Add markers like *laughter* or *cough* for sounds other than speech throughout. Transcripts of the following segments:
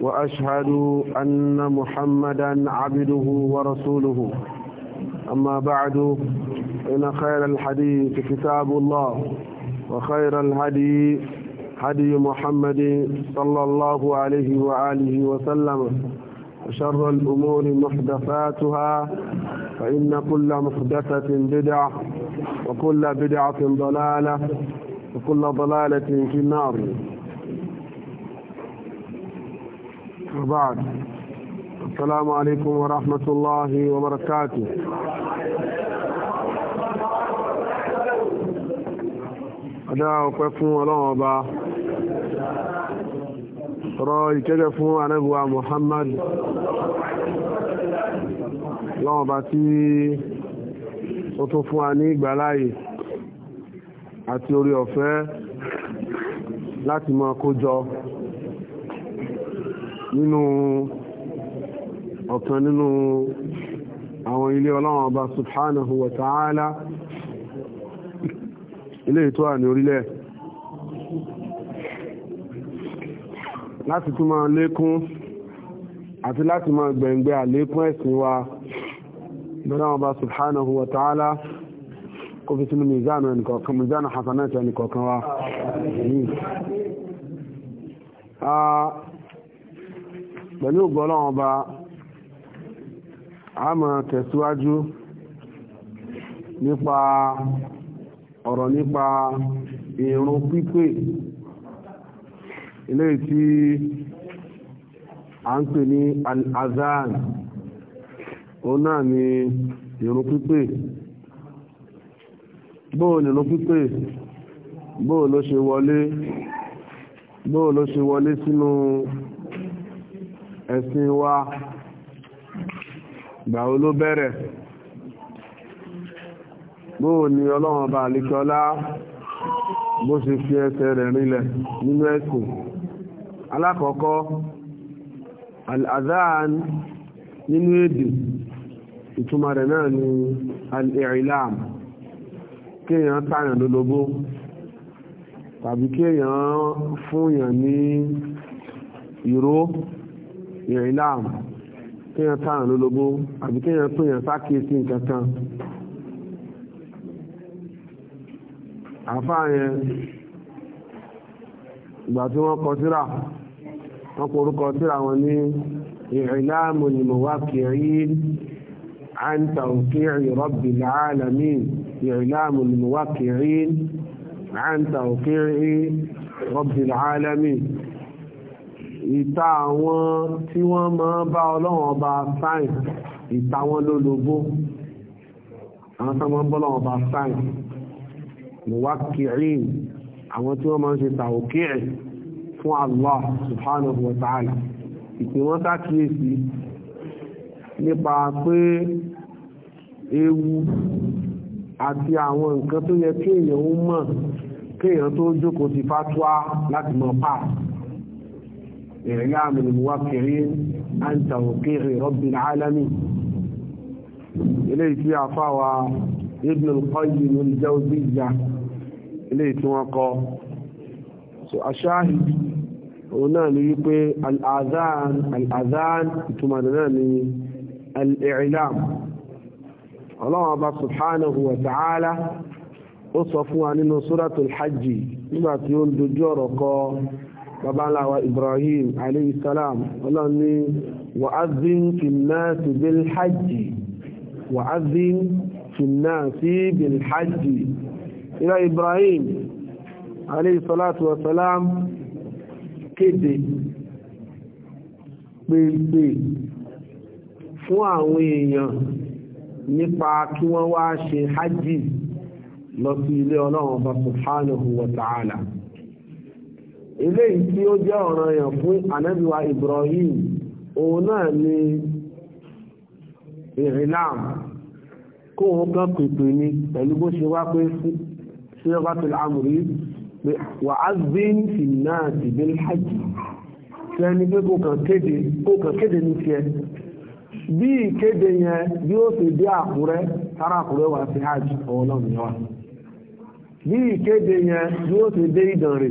وأشهد أن محمدا عبده ورسوله أما بعد إن خير الحديث كتاب الله وخير الهدي هدي محمد صلى الله عليه وآله وسلم وشر الأمور محدثاتها فإن كل محدثة بدعة وكل بدعة ضلالة وكل ضلالة في النار وبعد السلام عليكم ورحمة الله وبركاته أداء وقفوا ولو أبا رأي كجفوا عن أبو محمد lọ́wọ́ bá tí ó tún fún wa ní ìgbàláyè àti nínú ọ̀kan nínú àwọn ilé ọlọ́run ọba subhanahu wa ta'ala ilé ètò à ní orílẹ̀ láti tún máa lékún àti láti máa gbẹ̀ǹgbẹ̀ àlékún ẹ̀sìn wa ọlọ́run ọba subhanahu wa ta'ala kó fi sínú mìzánù ẹnìkọ̀ọ̀kan mìzánù wa pẹ̀lú ògbọ́lọ́ ọba a máa tẹ̀síwájú nípa ọ̀rọ̀ nípa ìrun pípé ilé tí a ń pè ní al-azan òun náà ni ìrun pípé bóò nìrun pípé bóò ló ṣe wọlé bóò ló ṣe wọlé sínú ẹ̀sìn wa ìgbà wo ló bẹ̀rẹ̀ bóò ni ọlọ́run bá àlíkọlá bó ṣe fi ẹsẹ̀ rẹ̀ rinlẹ̀ nínú ẹ̀sìn alákọ̀ọ́kọ́ al-azan nínú èdè ìtumọ̀ rẹ̀ náà ni al-i'lam kéèyàn tààyàn tàbí kéèyàn fúnyàn ní ìró ìrìnlám kéèyàn táyàn lólobó àbí kéèyàn péyàn sákèésí nǹkan kan àfáà yẹn ìgbà tí wọ́n kọ síra wọ́n kọ síra wọn ní ìrìnlám olùmọ̀wákìrín عن توقيع رب العالمين إعلام الموقعين عن توقيع رب العالمين ìta àwọn tí wọ́n máa bá ọlọ́run ọba sáìn ìta wọn lólobó àwọn tí wọ́n bọ́lọ́run ọba sáìn muwakirin àwọn tí wọ́n máa ń ṣe tàwókìrì fún Allah subhanahu wa ta'ala ìpè wọ́n sákìyèsí nípa pé ewu àti àwọn nǹkan tó yẹ kéèyàn ó mọ̀ kéèyàn tó jókòó ti fatuwa láti mọ̀ páàsì إعلام الموقعين عن توقيع رب العالمين إليك يا فاوى ابن القيم الجوزية إليك وقع الشاهد هنا نيبي الأذان الأذان تمناني الإعلام الله سبحانه وتعالى وصفوا عن سورة الحج لما تقول دجورك bàbá ńlá wa Ibrahim alayhi salam ọlọ́run ní wa'azin finnasi bil hajji wa'azin finnasi bil hajji ìlà Ibrahim alayhi salatu wa salam kéde pèpè fún àwọn èèyàn nípa kí wọ́n wá ṣe hajji lọ sí ilé ọlọ́run ọba subhanahu wa ta'ala. ta'ala eléyìí tí ó jẹ́ ọ̀ràn yàn fún anábíwa Ibrahim òun náà ni ìrìnàm kó òun kan pèpè ni pẹ̀lú bó ṣe wá pé sí ọba tó lámùrí pé wà á gbín sí náà sì bí hajj tí ẹni pé kó kàn kéde kó kàn kéde ní tiẹ̀ bí ìkéde yẹn bí ó sì dé Àkúrẹ́ sára Àkúrẹ́ wà sí hajj òun náà nìyẹn bí ìkéde yẹn bí ó sì dé Ìdànrè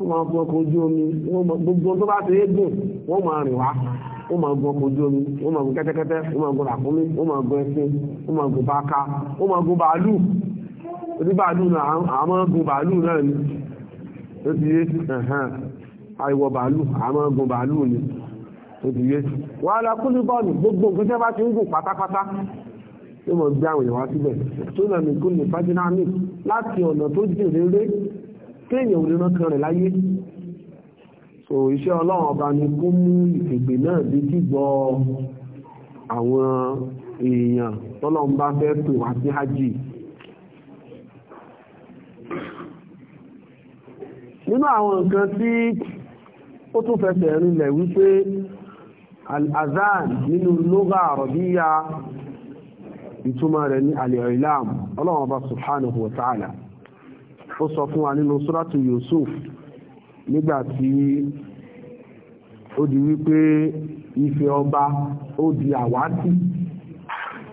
wọ́n máa gun ọkọ̀ ojú omi gbogbo tó bá ṣe é gùn wọ́n máa rìn wá wọ́n máa gun ọkọ̀ ojú omi wọ́n máa gun kẹ́tẹ́kẹ́tẹ́ wọ́n máa gun ràkúnmí wọ́n máa gun ẹṣin wọ́n máa gun bàákà wọ́n máa gun bàálù orí bàálù náà àwọn máa gun bàálù náà ni ó ti yé àìwọ̀ bàálù àwọn máa gun bàálù ni ó ti yé wà á lakúlù bọ́ọ̀lù gbogbo nǹkan tí wọ́n bá ti ń gbé àwọn èèyàn síbẹ̀ tó lọ́nà ìkúlù fájínà mi láti ọ̀nà tó jìn kéèyàn ò lè rán kan rẹ̀ láyé so iṣẹ́ ọlọ́run ọba ni kó mú ìpègbè náà dé gbígbọ́ àwọn èèyàn tọ́lọ́run bá fẹ́ pè wá sí hajj nínú àwọn nǹkan tí ó tún fẹsẹ̀ rinlẹ̀ wípé al-azan nínú lóga àrọ̀bíyà ìtumọ̀ rẹ̀ ní al-ilam ọlọ́run ọba subhanahu wa ta'ala ó sọ fún wa nínú suratu Yusuf nígbà tí ó di wípé ife ọba ó di àwátì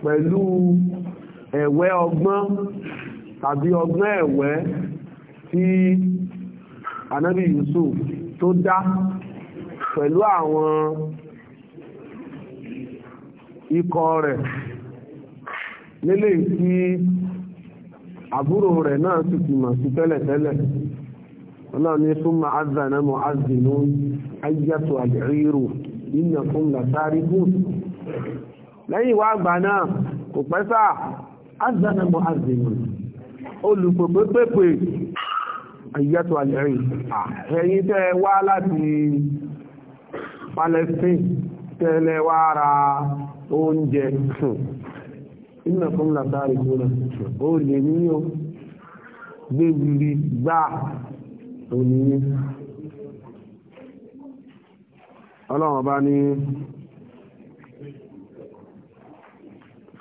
pẹ̀lú ẹ̀wẹ́ ọgbọ́n tàbí ọgbọ́n ẹ̀wẹ́ tí anábì Yusuf tó dá pẹ̀lú àwọn ikọ̀ rẹ̀ lélẹ́yìí tí àbúrò rẹ̀ náà sì ti mọ̀ sí tẹ́lẹ̀tẹ́lẹ̀ ọlọ́run fún ma azànà mọ̀ azìnú ayyàtọ̀ àdìrírù nínà fún làtàrí gùn lẹ́yìn wá àgbà náà kò pẹ́ sáà azànà mọ̀ azìnú olùpòpépèpè ayyàtọ̀ àdìrírù ẹ̀yin tẹ́ wá láti iná fún látàrí kúrò ó lè ní o gbégbìrì gbà tó ní ọlọ́wọ̀n bá ní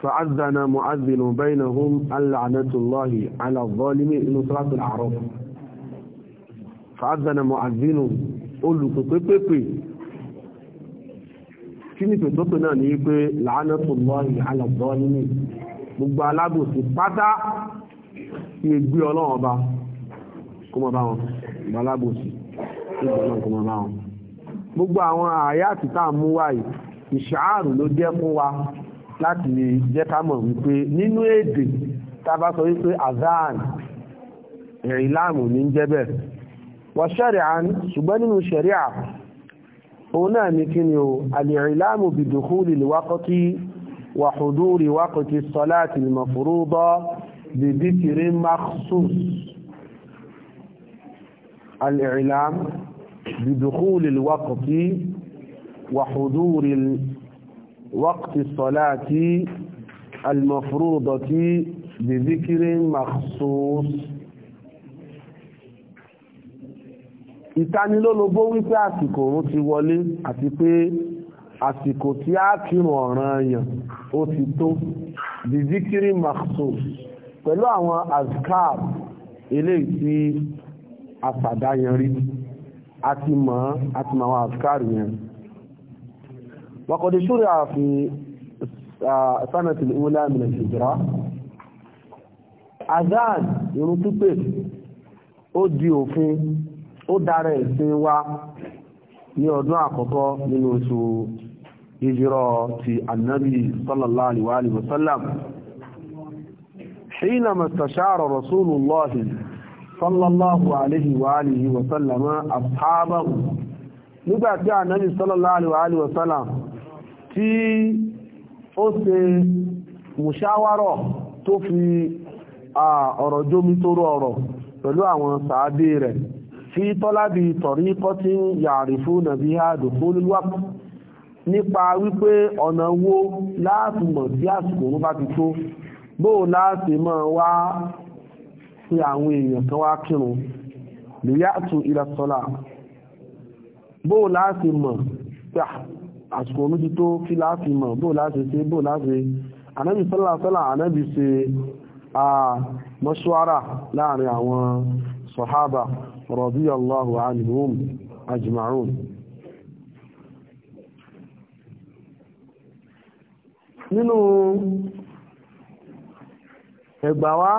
fa'azana mu'azzinu bainahum al'anatullahi ala zalimi inú salatul a'raf fa'azana mu'azzinu olùpẹ̀pẹ̀pẹ̀ kí ni tòótọ́ náà ní pé la'natullahi 'ala zalimin gbogbo alábòsí pátá tí e gbé ọlọ́run ọba kó mọ bá wọn gbogbo alábòsí tí gbọ́n náà kó mọ bá wọn. gbogbo àwọn àyà tí tá à ń mú wá yìí ìṣàárù ló jẹ́ fún wa láti lè jẹ́ ká mọ̀ wípé nínú èdè tá a bá sọ wípé azan ẹ̀rìn láàmù ní jẹ́ bẹ́ẹ̀ wọ́n ṣẹ̀rẹ̀ àánú ṣùgbọ́n nínú ṣẹ̀ríà هنا ممكن الاعلام بدخول الوقت وحضور وقت الصلاه المفروضه بذكر مخصوص الاعلام بدخول الوقت وحضور وقت الصلاه المفروضه بذكر مخصوص ìtanilólobó wípé àsìkò òun ti wọlé àti pé àsìkò tí a kírun ọ̀ranyàn ó ti tó bizikiri maksus pẹ̀lú àwọn azkar eléyìí tí àfàdáyanrí àti mọ̀ àti mọ̀ àwọn azkar yẹn wàkọ̀dé ṣúrí àfi sanati ìwúlá ìmìnà ìjìrá azan irun pípè ó di òfin ó dára ẹ̀sìn wa ní ọdún àkọ́kọ́ nínú oṣù ìjírọ̀ ti annabi sallallahu alaihi wasallam حين ما استشار رسول الله صلى الله عليه وآله وسلم أصحابه nígbàtí ànábì sallallahu alaihi wasallam tí ó ṣe mùṣáwárọ̀ tó fi ọ̀rọ̀ jómi tóró ọ̀rọ̀ pẹ̀lú àwọn sàábé rẹ̀ fi tọ́lábì tọ̀rí kọ́ tí ń yàrí fún nàbí àdùkú níwápù nípa wípé ọ̀nà wo láti mọ̀ sí àsìkò òun bá ti tó bóò láti mọ̀ wá sí àwọn èèyàn kan wá kírun lèyàtù ìlàsọ́là bóò láti mọ̀ pé ah, àsìkò òun ti tó kí láti mọ̀ bóò láti ṣe bóò láti ànábì sọ́là sọ́là ànábì ṣe ah, mọ́ṣúárà láàrin àwọn sọ̀hábà رضي الله عنهم أجمعون nínú ẹgbà wá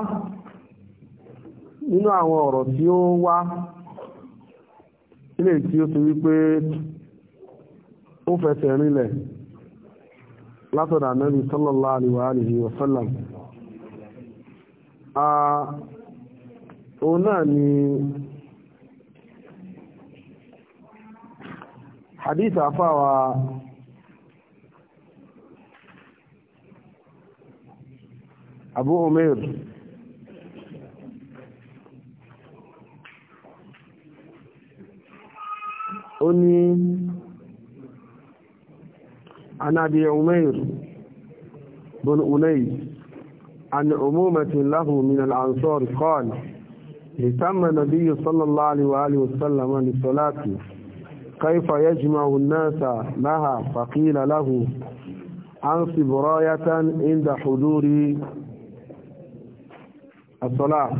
nínú àwọn ọ̀rọ̀ tí ó wá ilé tí ó ti wípé ó fẹsẹ̀ rinlẹ̀ látọ̀dà Ànábì sallallahu alaihi wa sallam òun náà ni hadith àfàwà abu umair ó ní anabi umair bin unais عن عمومة له من الأنصار قال اهتم النبي صلى الله عليه وآله وسلم لصلاته كيف يجمع الناس لها فقيل له أنصب راية عند حضور الصلاة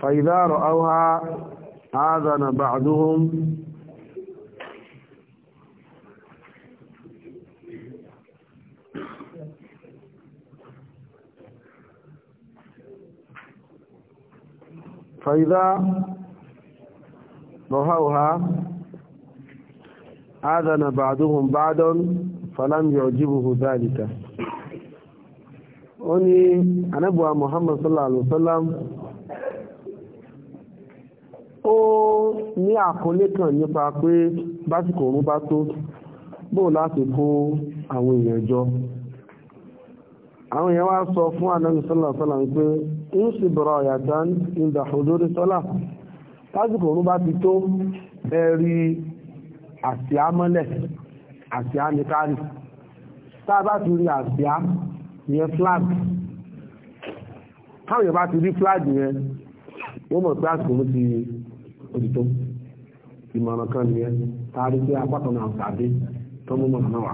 فإذا رأوها آذن بعضهم فإذا رأوها آذن بعضهم بعضا فلم يعجبه ذلك أنا ní محمد صلى الله عليه wasallam ó ní àkọlé kan nípa pé básìkò òun bá tó bóò láti kó àwọn èèyàn jọ àwọn èèyàn wá sọ fún anábì sallallahu alaihi wasallam pé ń sì bọ̀rọ̀ ọ̀yàtán ìdàkùdórí sọ́là básìkò òun bá ti tó ẹ̀rí àsíá mọ́lẹ̀ àsíá ní kárì tá a bá ti rí àsíá yẹn flag káwọn yẹn bá ti rí flag yẹn wọ́n mọ̀ pé àsìkò ló ti òdìtọ́ ìmọ̀ràn kan nìyẹn tá a rí pé apá kan náà tàbí tọ́mú mọ̀ràn náà wà.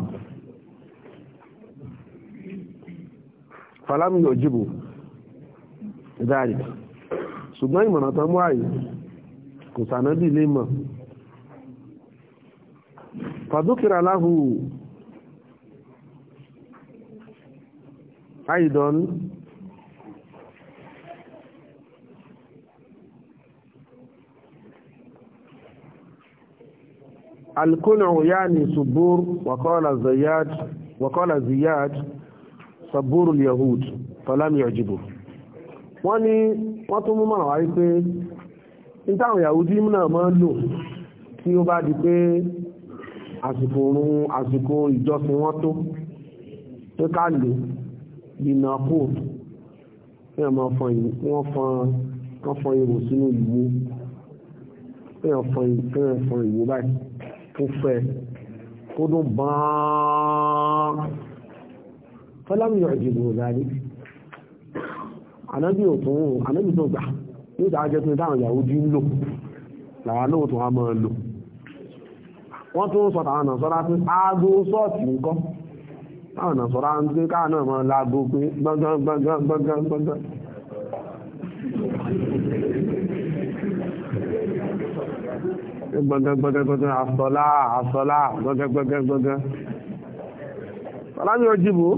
fàlámù yóò jìbò dáàrí ṣùgbọ́n ìmọ̀ràn tán mú àyè kò sànà bí ilé mọ̀ fàdúkìrà láhù àìdán القنع يعني صبور وقال زياد وقال زياد صبور اليهود فلم يعجبه wọ́n ní wọ́n tún mú mọ̀ wáyé pé ní táwọn Yahudi náà máa ń lò tí ó bá di pé àsìkò oorun àsìkò ìjọsìn wọn tó pé ká lò ìnà kóòt pé ọmọ fọn wọn fọn wọn fọn ihò sínú ìwo pé wọn fọn pé wọn fọn ìwo báyìí kó fẹ kó dún bọ́n fọlámiyọ̀ ìdìbò dáadé ànábì òtún ànábì tó gbà nígbà ajẹ́ pé táwọn ìyàwó dín lò làwọn náà tó máa lò wọ́n tún sọ tàwọn nàṣọ́ra pé aago sọ́ọ̀tì nǹkan táwọn nàṣọ́ra ń pé káà náà máa laago pé gbọ́ngàn gbọ́ngàn gbọ́ngàn gbọ́ngàn. gbọ́ngàn gbọ́ngàn gbọ́ngàn àsọlá àsọlá gbọ́ngàn gbọ́ngàn gbọ́ngàn. ọlámi ojúbò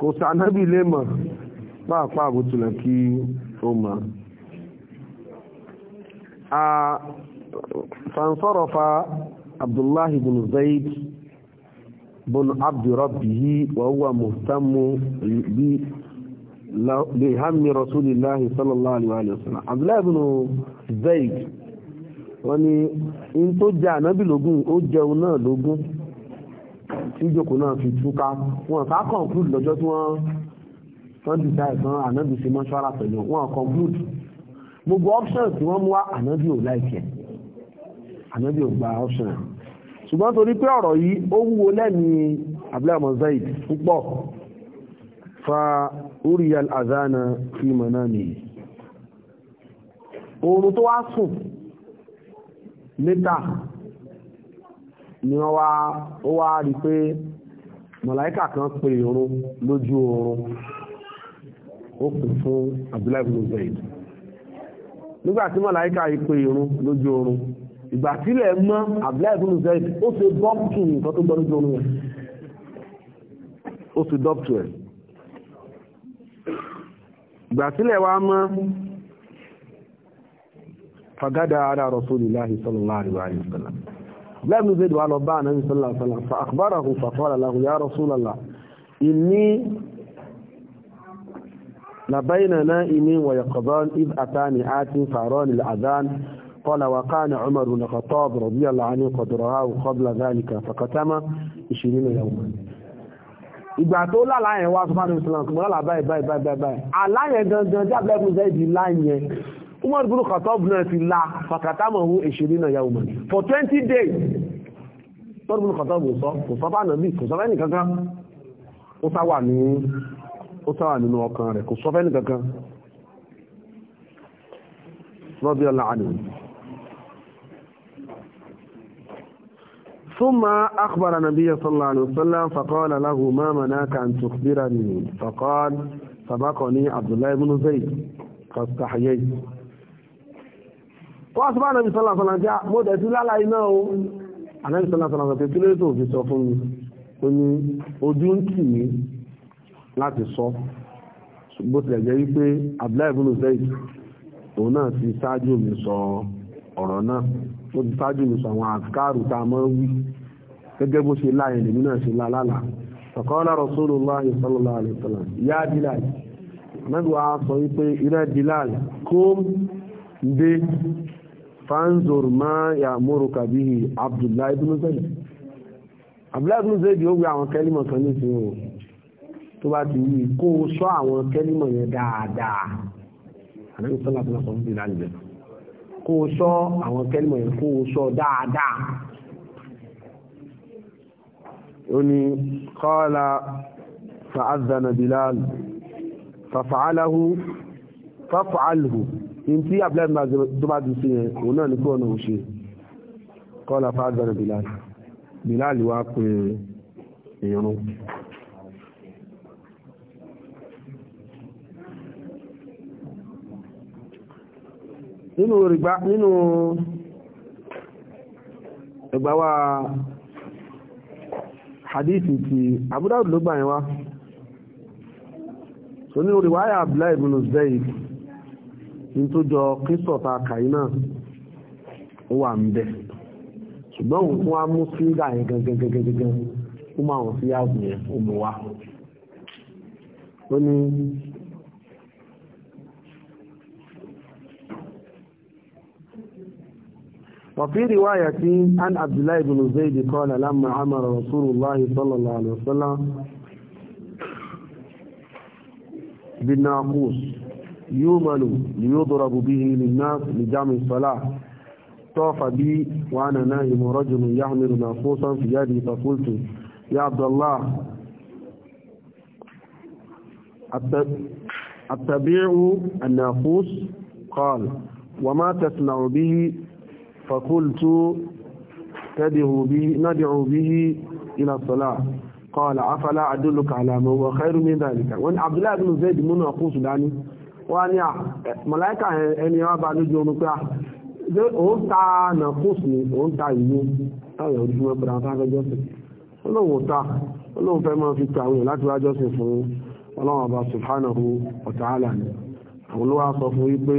kò sànábì lè mọ̀ pàápàá àbòtúlẹ̀ kí ó mọ̀ fansọ́rọ̀fà abdullahi bin zaid bin abdurrabbihi wa huwa muhtammu bi bihammi rasulillahi sallallahu alaihi wa sallam abdullahi bin zaid wọ́n ní in tó jẹ ànábì lógún ó jẹun náà lógún tí ìjókòó náà fi túká wọn ká conclude lọ́jọ́ tí wọ́n wọ́n ti da ìtàn ànábì sí mọ́ṣọ́ra pẹ̀lú wọn conclude gbogbo options tí wọ́n mú wá ànábì ò láìpẹ́ ànábì ò gba option ṣùgbọ́n torí pé ọ̀rọ̀ yìí ó wúwo lẹ́ni abúlé mosaid púpọ̀ fa uriel azana fi manami oorun tó wá sùn níta ni wọ́n wá ó wá rí pé màláíkà kan pè oorun lójú oorun ó pè fún abúlé mosaid nígbà tí màláíkà yìí pè oorun lójú oorun ìgbà sílẹ̀ mọ́ abdullahi bin zayd ó ṣe dọ́pùtù nǹkan tó gbọ́ lójú omi rẹ̀ ó ṣe dọ́pùtù ẹ̀ ìgbà sílẹ̀ wa mọ́ fagada ala rasulillahi sallallahu alaihi wa sallam abdullahi wa sallam fa قال وكان عمر بن الخطاب رضي الله عنه قد رآه قبل ذلك فقتم 20 يوما ìgbà tó lálàá yẹn wá sọ́fàánù islam kùmọ́ lálàá báyìí báyìí báyìí báyìí aláyẹ̀ gangan tí abúlé ìpínlẹ̀ ìdí láyẹn umar bin khattab náà ti la fàkàtàmọ̀ ohun èṣèlú náà yàwó mọ̀ for twenty days umar bin khattab sọ kò sọ́fà náà bí kò sọ́fà nìkankan ó sáwà ní ó sáwà ثم أخبر النبي صلى الله عليه وسلم فقال له ما مناك أن تخبرني فقال سبقني عبد الله بن زيد فاستحييت wọ́n sọ́bàá nàbí sọ́lá sọ́lá jẹ́ mọ́dẹ̀ tí lálà iná o anábì sọ́lá sọ́lá sọ́lá tí lórí tó fi sọ fún mi ó ní ojú ń tì mí láti sọ bó tilẹ̀ jẹ́ wípé Abdullahi ibn Zayd òun náà ti ṣáájú mi sọ ọ̀rọ̀ náà tó ti ṣáájú nìṣọ àwọn àkàrù tá a máa wí gẹ́gẹ́ bó ṣe láàyè lèmi náà ṣe lá lálà ọ̀kọ́lá Rasulullahi sallallahu alaihi wasallam yá Bilal mẹ́bùwá sọ wípé irẹ́ Bilal kó dé fanzor ma ya mọ́rùka bí i abdullahi ibn zayd kó o sọ àwọn kẹ́lìmọ̀ yẹn kó o sọ dáadáa ó ní kọ́ọ̀lá fa'adana bilal fafa'alahu fafa'alhu in tí abúlé tó bá ti sí yẹn òun náà ní kí ọ̀nà òṣè kọ́ọ̀lá fa'adana bilal bilal wá pè é nínú rìgbá nínú ẹgbàwà hadithi ti Abu Dawud ló gbà yẹn wá so nínú Abdullahi ibn Zayd ní tó jọ kírísọ̀tà kàí náà ó wà ń bẹ̀ ṣùgbọ́n òun wa mú síngà yẹn gangan ó máa sí وفي رواية عن عبد الله بن زيد قال لما أمر رسول الله صلى الله عليه وسلم بالناقوس يومل ليضرب به للناس لجامع الصلاة طاف بي وأنا نائم رجل يحمل ناقوسا في يدي فقلت يا عبد الله أتبيع الناقوس قال وما تصنع به فقلت تدعو به ندعو به إلى الصلاة قال أفلا أدلك على ما هو خير من ذلك وأن عبد الله بن زيد من أقوس داني وأن ملائكة أن يرابع نجوم قاح òun ta nàkóòs ni òun ta ìlú táwọn ojúmọ́ padà sáfẹ́ jọ́sìn olóhùn ta olóhùn fẹ́ máa fi ta àwọn èèyàn láti wá jọ́sìn fún ọlọ́run ọba subhanahu wa ta'ala ni àwọn olówó sọ fún wípé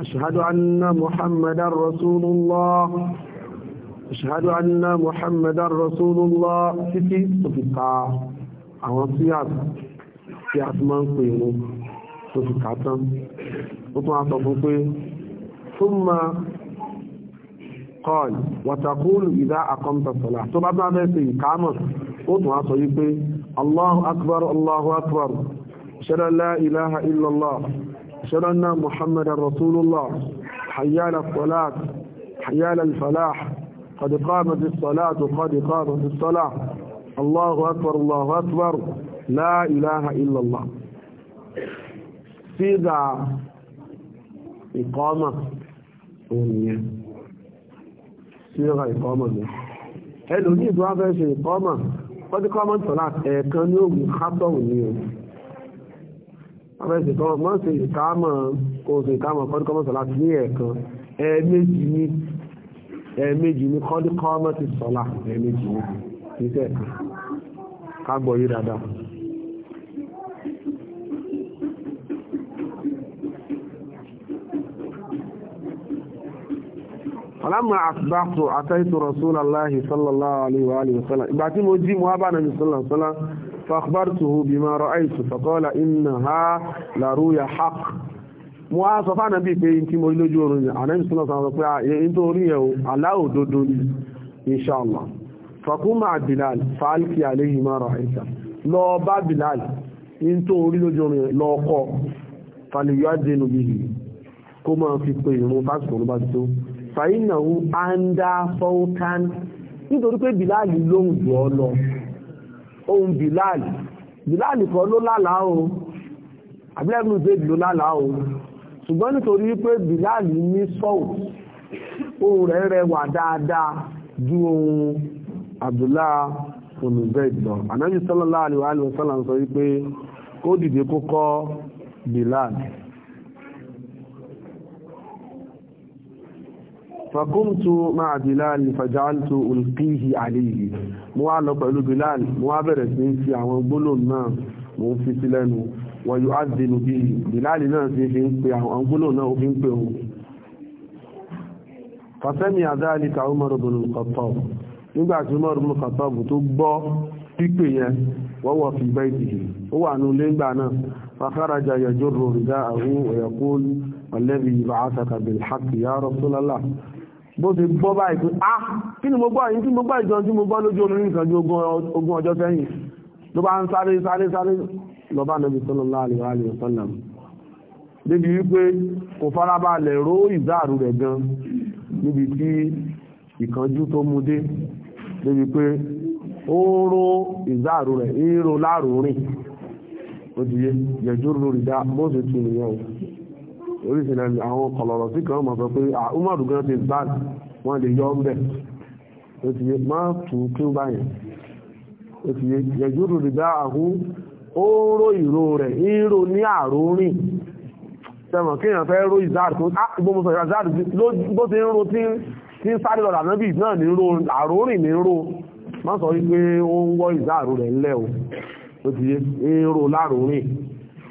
أشهد أن محمدا رسول الله أشهد أن محمدا رسول الله títí tó fi ka àwọn tí a tí a ti máa ń pè mú tó fi ka tán ó tún a sọ fún pé ثم قال وتقول إذا أقمت الصلاة tó bá bá bẹ́ẹ̀ sí ìkámọ̀ ó tún a sọ yí pé Allahu akbar Allahu akbar أشهد أن لا إله إلا الله وأشهد أن محمدا رسول الله حيال الصلاة حيال الفلاح قد قامت الصلاة قد قامت الصلاة الله أكبر الله أكبر لا إله إلا الله sídà ìkọ́mà òníyàn síra ìkọ́mà هل ẹlòmí ìdúwà fẹ́ ṣe ìkọ́mà kọ́díkọ́mà tọ́lá ẹ̀ẹ̀kan ní ọmọọ̀sẹ̀ kan mọ́ sí ìkáàmọ̀ oṣù ìkáàmọ̀ kọ́díkọ́mọ̀ sọ̀lá ní ẹ̀ẹ̀kan ẹ̀ẹ̀mejì ní ẹ̀ẹ̀mejì ní kọ́díkọ́mọ̀ ti sọ̀lá ẹ̀ẹ̀mejì ní ìṣẹ́ ẹ̀kan kágbọ̀ yí dáadáa ọlámà àtìbáàtò àtàìtò rasulallah sallallahu alaihi wa sallam ìgbà tí mo jí mo wá bá nàìjíríà sallallahu sallam فأخبرته بما رأيت فقال إنها لرؤيا حق mo á sọ fáànà bíi pé tí mo rí lójú oorun yẹn àná ìsúná sọ pé ah, èyí tó rí yẹn o aláwò dodo ni inṣàlá fàkúmà bilal fàálkì àléyìn mara àìsà lọ bá bilal ní tó rí lójú oorun yẹn lọ kọ fàlìyọ àdénú bíi kó máa fi pe ìrún fásitì òun bá ti tó fàyínà ń andá fọ́ọ̀tán nítorí pé bilal ló ń jù ọ lọ ohun bilal bilal kan ló lálàá o abilẹ́gùn zayd ló lálàá o ṣùgbọ́n nítorí pé bilal ní sọ́ọ̀ ohun rẹ̀ wà dáadáa ju ohun abdullah olùbẹ́ẹ̀d lọ anábì sallallahu alaihi wa sọ wípé kó dìde kó bilal فقمت مع بلال فجعلت ألقيه عليه موعلق بلو بلال موابرة ننسي عوان بلون ما منفت لنو ويؤذن به بلال ننسي في انقيا عوان بلون نو في انقيا فسمع ذلك عمر بن الخطاب nígbà tí Umar ibn Khattab tó gbọ́ pípè yẹn wa huwa fi baytihi ó wà ní ilé ńgbà náà fa kharaja yajurru rida'ahu wa yaqulu walladhi ba'athaka bil haqqi ya Rasulallah bó ti gbọ́ báyìí pé ah kí ni mo gbọ́ yìí kí mo gbọ́ ìjọ tí mo gbọ́ lójú orin nǹkan ju ogún ọjọ́ sẹ́yìn ló bá ń sáré sáré sáré lọ bá Nabi sallallahu alaihi wa sallam débi wípé kò farabalẹ̀ ró ìzáàrú rẹ̀ gan níbi tí ìkánjú tó mú dé débi pé ó ró ìzáàrú rẹ̀ ń ro láàrú rìn ó ti yẹ jẹjúrú rìdá bó ṣe tún ìyẹn o oríṣiríṣi àwọn kọlọ̀rọ̀ sí kan mọ̀ sọ pé umaru gan ti bá wọn lè yọ ọ́nbẹ̀ ó ti yé má tù kí ó báyìí ó ti yé yẹjúrù rìbá àhú ó ró ìró rẹ̀ ìró ní àrórìn tẹmọ̀ kéèyàn fẹ́ ró ìzáàrì tó gbọmọsọ ìzáàrì bó ti ń ro tí ń sáré lọ lànà bíi náà ní ro àrórìn ní ro má sọ wípé ó ń wọ́ ìzáàrù rẹ̀ ńlẹ̀ o ó ti yé ń ro láròórìn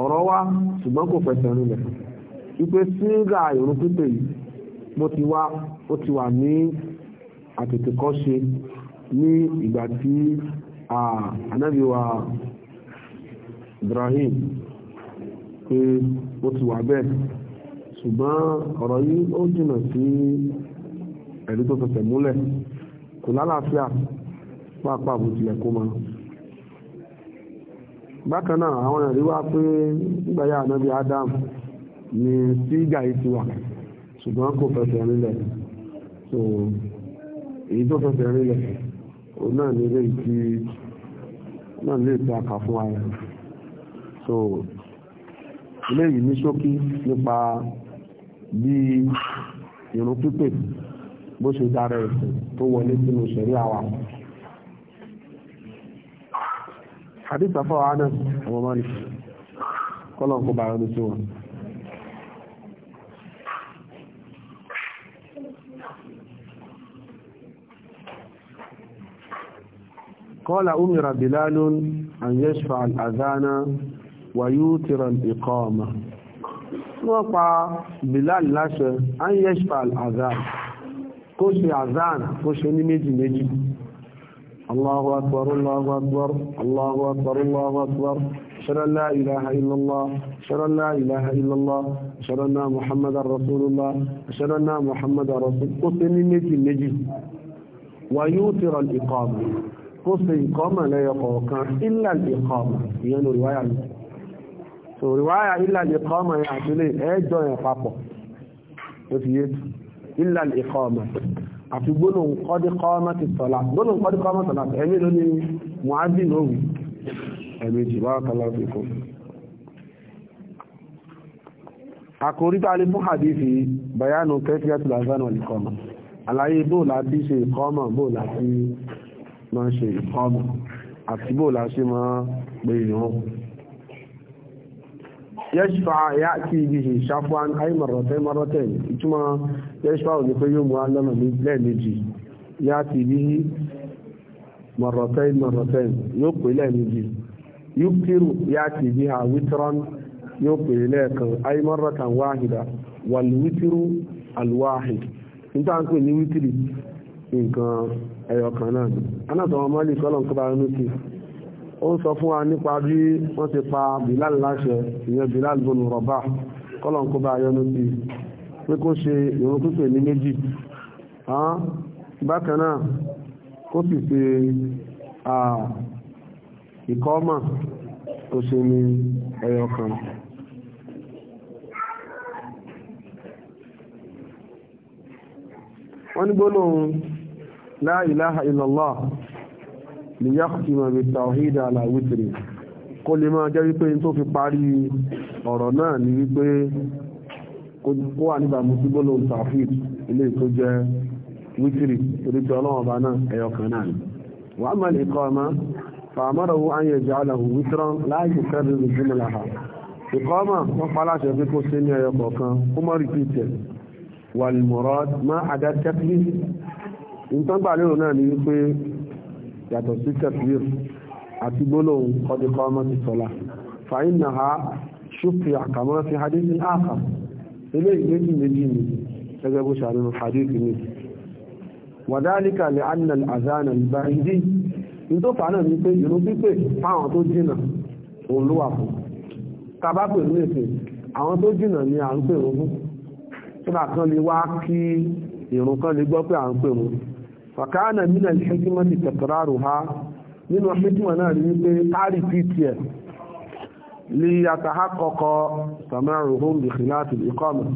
ọ̀rọ̀ wá ṣùgbọ́n kò fẹsẹ̀ rinlẹ̀ wípé síngà ìrún pípé yìí mo ti wá ó ti wà ní àtètèkọ́ṣe ní ìgbà tí ànábì wa Ibrahim pé ó ti wà bẹ́ẹ̀ ṣùgbọ́n ọ̀rọ̀ yìí ó jìnà sí ẹ̀rí tó fẹsẹ̀ múlẹ̀ kò lálàáfíà pàápàá bó tilẹ̀ kó máa bákan náà àwọn ẹ̀rí wá pé nígbàyà ànábì Adam ni sí ìgbà yìí ti wà ṣùgbọ́n kò fẹsẹ̀ rinlẹ̀ so èyí tó fẹsẹ̀ rinlẹ̀ òun náà ní ilé ìtì náà lè ta kà fún ara so ilé yìí ní ṣókí nípa bí irun pípè bó ṣe dára ẹ̀sìn tó wọlé sínú ṣẹ̀rí àwa hadith afọ́ anas ọmọ malik kọ́lọ̀n kó bára ní sí wọn kọ́lá umira bilalun an yashfa al'azana wa yutira al'iqama wọ́n pa bilal láṣẹ an yashfa al'azana kó ṣe azana kó ṣe ní méjì méjì الله أكبر الله أكبر الله أكبر الله أكبر أشهد أن لا إله إلا الله أشهد لا إله إلا الله أشهد أن محمدا رسول الله أشهد أن محمدا رسول قسم نجي نجي ويوتر الإقامة قسم إقامة لا يقوكان إلا الإقامة يعني رواية so رواية إلا الإقامة يعني أجو يا بابا illa al-iqama àfi gbólóhùn qad qamati salat gbólóhùn qad qamati salat ẹ̀mí ló ní mu'adhin òwì ẹ̀mẹ́jì barakallahu fikum àkórí tá a lè fún hadithi bayanu kayfiyat al-adhan wal iqama àlàyé bóòlà tí yẹ́ṣfà yàtí ibi ìṣàfihàn àìmọ̀rọ̀tẹ́ mọ̀rọ̀tẹ́ ìtumọ̀ yẹ́ṣfà ò ní pé yóò mú alọ́nà lẹ́ẹ̀mejì yàtí ibi mọ̀rọ̀tẹ́ mọ̀rọ̀tẹ́ yóò pè lẹ́ẹ̀mejì yukiru yàtí ibi ha witron yóò pè lẹ́ẹ̀kan àìmọ̀rọ̀tàn wáhìdà wàlúwítírù alwáhìd níta ń pè ní wítírì nǹkan ẹ̀yọ̀kan náà anátọ̀wọ̀ ana ó ń sọ fún wa nípa bí wọ́n ti pa Bilal láṣẹ ìyẹn Bilal bonu rọ̀bà kọ́lọ̀n kó bá yọnu sí pé kó ṣe ìrun pípè ní méjì bákan náà kó sì ṣe ìkọ́mọ̀ kó ṣe ní ẹyọ kan. wọ́n ní gbólóhùn la ilaha lè yá kìí mọ̀ bí tawhid ala witri kó lè máa jẹ́ wípé tó fi parí ọ̀rọ̀ náà ni wípé kó wà nígbà mú sí gbólóhùn tawhid ilé tó jẹ́ witri torí pé ọlọ́wọ́n bá náà ẹ̀yọ kan náà ni wà á máa lè kọ́ ọmọ fàmọ́rọ̀wó ayé ìjà aláhùn wítírán láàyè fẹ́rẹ̀ lè ìkọ́ ọmọ wọn paláṣẹ pé kó sí ní ẹyọ kọ̀ọ̀kan ó mọ́ rìpítẹ̀ wàlùmọ̀rọ̀ má àdá tẹ́kílì nǹkan lérò náà ni wípé yàtọ̀ sí tẹ̀síwìr àti gbólóhùn kọ́díkọ́ mọ́tì sọ́lá fàáyín náà ha ṣùpì àkàmọ́ sí hadithi àkà ilé ìgbésí méjì ni gẹ́gẹ́ bó ṣe àrùn hadithi ni wàdálíkà lè azana àzánà ìgbà ìdí ní tó fà náà ní pé ìlú pípè fáwọn tó jìnà òun ló wà fún tàbá pè ní èsè àwọn tó jìnà ni à ń pè wọn fún tí bàkan lè wá kí ìrùn kan lè gbọ́ pé à ń pè wọn fún fàkánà mí náà ṣẹ́gbẹ́mọ́ ti tẹ̀tọ̀rọ̀ ha nínú ṣẹ́gbẹ́mọ́ náà rí wípé kárí pts lè yàtàhà kọ́kọ́ sàmẹ́rù home bìkìláàtì ìkọ́mọ̀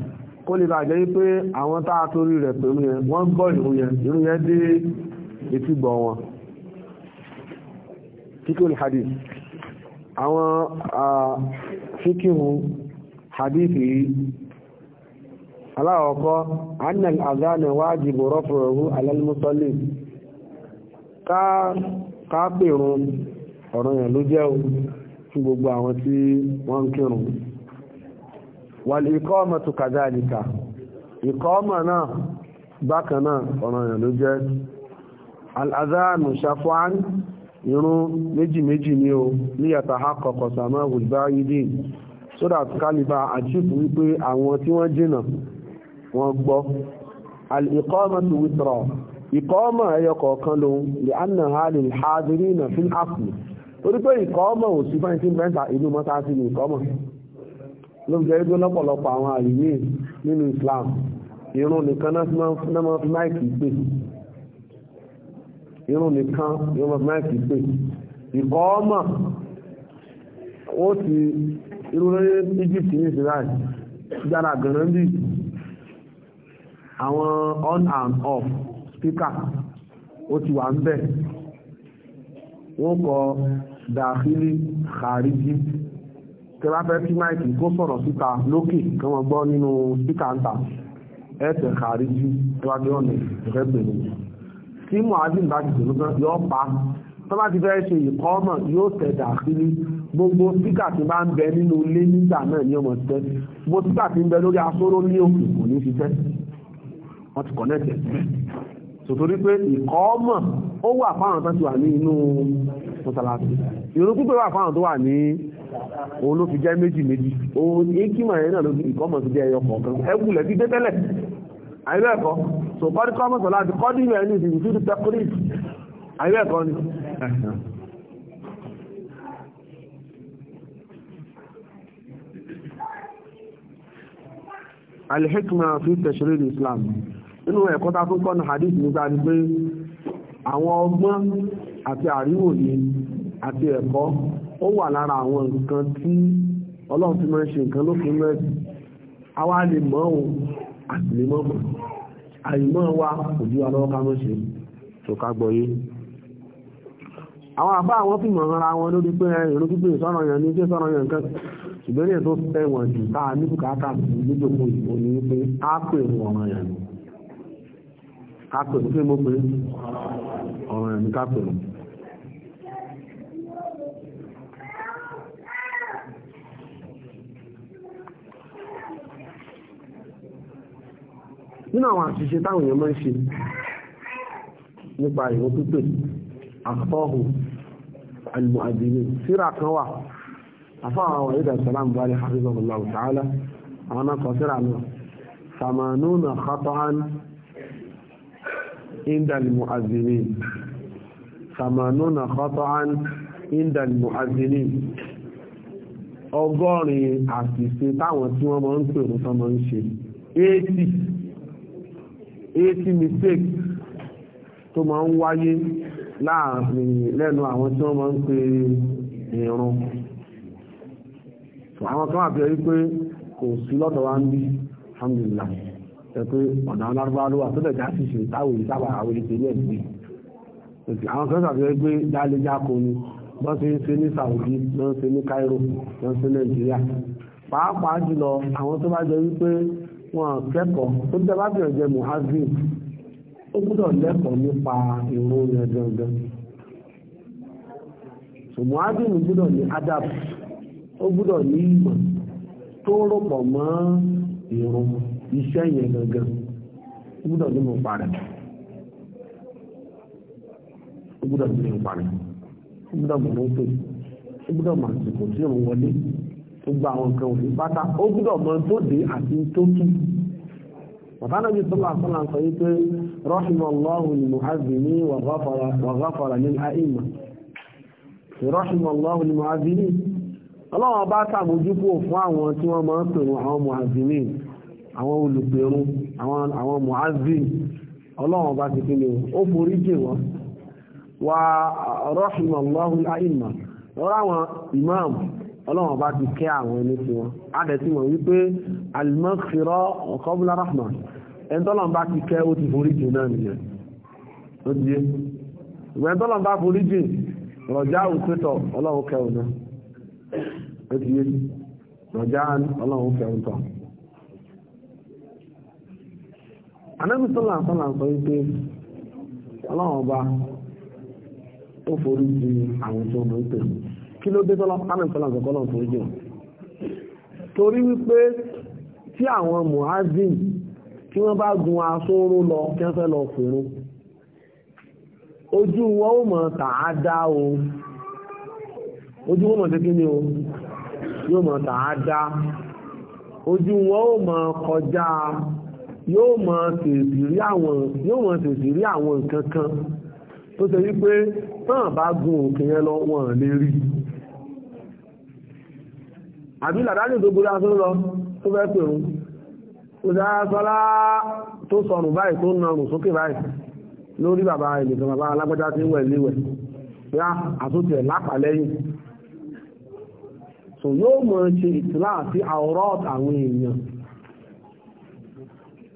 kó lè bàjẹ́ wípé àwọn tá a torí rẹ̀ pẹ̀lú yẹn wọ́n gbọ́ ìrun yẹn ìrun yẹn dé etí gbọ́ wọn kíkún hadith àwọn fíkìhun hadith yìí aláwọ̀kọ́ annal azana wájìbò rọ́fùrọ̀hú alẹ́lmùsọ́lì káàpèrún ọ̀ranyàn ló jẹ́ fún gbogbo àwọn tí wọ́n ń wà lè kọ́ ọmọ tó kàdá àdìkà ìkọ́ ọmọ náà bákan náà ọ̀ranyàn ló jẹ́ al'azánù ṣafọ́án irun méjì méjì ni o ní yàtà akọ̀kọ̀ sàmọ́ wùlbáyídìn sódà kálíbà àjíìpù wípé àwọn tí wọ́n jìnà wọ́n gbọ́ al-iqamatu witra ìkọ́ọ̀mà ẹyọ kọ̀ọ̀kan lòun lè anna hali hadiri na fil afni orí pé ìkọ́ọ̀mà ò sí fáyín tí mẹ́ta inú mọ́sáàsì ní ìkọ́ọ̀mà ló jẹ́ igbó lọ́pọ̀lọpọ̀ àwọn àyíyé nínú Islam irun nìkan náà fi máìkì pè àwọn on and off speaker ó ti wà ń bẹ̀ wọ́n kọ dàkílì kàríjì tẹ bá fẹ́ kí máìkì kó sọ̀rọ̀ síta lókè kí wọ́n gbọ́ nínú síta ń ta ẹ̀ẹ́sẹ̀ kàríjì tó bá dé ọ̀nà ìfẹ́ pẹ̀lú tí muhammed bá ti dùn lọ́sán yóò pa tó bá ti fẹ́ ṣe ìkọ́mọ̀ yóò tẹ dàkílì gbogbo síkà tí bá ń bẹ nínú ilé nígbà náà ni ọmọ tẹ gbogbo síkà tí ń bẹ lórí asóró ní òkè kò ní ṣiṣẹ́ wọ́n ti kọ̀nẹ́tẹ̀ So pé ìkọ́ ọmọ ó wà fáwọn tó wà ní inú mọ́sálásí ìrun pípé wà fáwọn tó wà ní òun jẹ́ méjì méjì òun ní kímọ̀ ẹ̀yẹ́ náà ló fi ìkọ́ ọmọ tó jẹ́ ẹyọ kọ̀ọ̀kan so kọ́ díkọ́ mọ́sọ̀ láti kọ́ ni nínú ẹ̀kọ́ ta tún kọ́nà hadith nígbà ni pé àwọn ọgbọ́n àti àríwòye àti ẹ̀kọ́ ó wà lára àwọn nǹkan tí ọlọ́run ti máa ń ṣe nǹkan lófin mẹ́rin àwa lè mọ̀ ọ́ àti lè mọ̀ ọ́ àìmọ̀ wa kò alọ́wọ́ ká mọ̀ ṣe tó ká gbọ́yé àwọn àbá àwọn fìmọ̀ ara wọn lórí pé ìró pípé ìsọ̀rọ̀ yẹn ní sọ̀rọ̀ yẹn nǹkan ṣùgbọ́n tó tẹ̀wọ̀n jù tá a ní bùkátà sí ìbò ní pé á pè wọn yẹn nù kápẹ̀lú kí mo pé ọ̀rọ̀ ẹ̀mí kápẹ̀lú nínú àwọn àṣìṣe táwọn èèyàn máa ń ṣe nípa ìwọ̀n pípè àkọ́hù alìmọ̀àdìní síra kan wà àfáwọn àwọn ìdà sàlámù bá lè hafizahullahu ta'ala àwọn akọ̀ síra náà samanuna khata'an indal mu'azzinin samanuna khata'an indal mu'azzinin ọgọ́rin àṣìṣe táwọn tí wọ́n máa ń pè ní sọmọ ń ṣe 80 80 mistakes tó máa ń wáyé láàrin lẹ́nu àwọn tí wọ́n máa ń pè ìrun àwọn kan wà pé kò sí lọ́dọ̀ wa ń bí alhamdulillah pé ọ̀nà alárúbáwá wà tó lẹ̀ dá ṣìṣe táwọn èyí sábà àwọn èyí tẹ̀lé ẹ̀ gbé àwọn kan sàfihàn gbé dáléjáko ni bọ́n ṣe ń ṣe ní Saudi ló ń ṣe ní Cairo ló ń ṣe Nàìjíríà pàápàá jùlọ àwọn tó bá jẹ wípé wọn kẹ́kọ̀ọ́ tó jẹ bá bẹ̀rẹ̀ jẹ muhazin ó gbúdọ̀ lẹ́kọ̀ọ́ nípa ìró yẹn dandan muhazin gbúdọ̀ ní adab ó gbúdọ̀ ní ìmọ̀ tó rọ̀pọ̀ mọ́ ìrún iṣẹ́ yẹn gangan gbúdọ̀ nínú parẹ́ gbúdọ̀ nínú parẹ́ gbúdọ̀ mọ̀ lóṣù gbúdọ̀ mọ̀ àsìkò tí òun wọlé gbogbo àwọn nǹkan òní pátá ó gbúdọ̀ mọ̀ tó dé àti tó kí bàbá náà bí sọ́lá sọ́lá sọ yí pé rahimallahu al-mu'adhdhini wa ghafara lil-a'imma rahimallahu al-mu'adhdhini ọlọ́wọ́n bá sàmójúkú fún àwọn tí wọ́n máa ń pè wọ́n àwọn mu'adhdhini àwọn olùpẹ̀rún àwọn muazzin ọlọ́run ọba ti kíni ó forí jì wọ́n wà rahimallahu al-a'imma lọ́rọ̀ àwọn imam ọlọ́run ọba ti kẹ́ àwọn ẹni tí wọn adẹ̀tí wọn wípé al-maghfira qabla rahma ẹni tọ́lọ́run bá ti kẹ́ ó ti forí anábì sọ́là sọ́là sọ wípé ọlọ́run ọba ó forí ju àwọn tó mọ̀ ìpè kí ló dé tọ́lá anábì sọ́là sọ́kọ́ lọ́run forí jù torí wípé tí àwọn muhazin tí wọ́n bá gun asóró lọ kí lọ fèrún ojú wọn ó mọ̀ tàádá o ojú wọn mọ̀ tẹ́kí ni o yóò mọ̀ tàádá ojú wọn ó mọ̀ kọjá yóò mọ̀ tèèdì rí àwọn yóò mọ̀ tèèdì rí àwọn nǹkan kan tó ṣe wípé náà bá gun òkè yẹn lọ wọn lè rí àbí làdájì tó gbúdá tó lọ tó fẹ́ pè ń òṣàṣọ́lá ah, tó sọnù báyìí tó nàrùn sókè báyìí lórí bàbá ìlẹ̀kọ̀ bàbá alágbájá tí wẹ̀ léwẹ̀ yá ah, àtúntì ẹ̀ lápàlẹ́yìn so yóò mọ̀ ṣe ìtìláàfí àwòrán àwọn èèyàn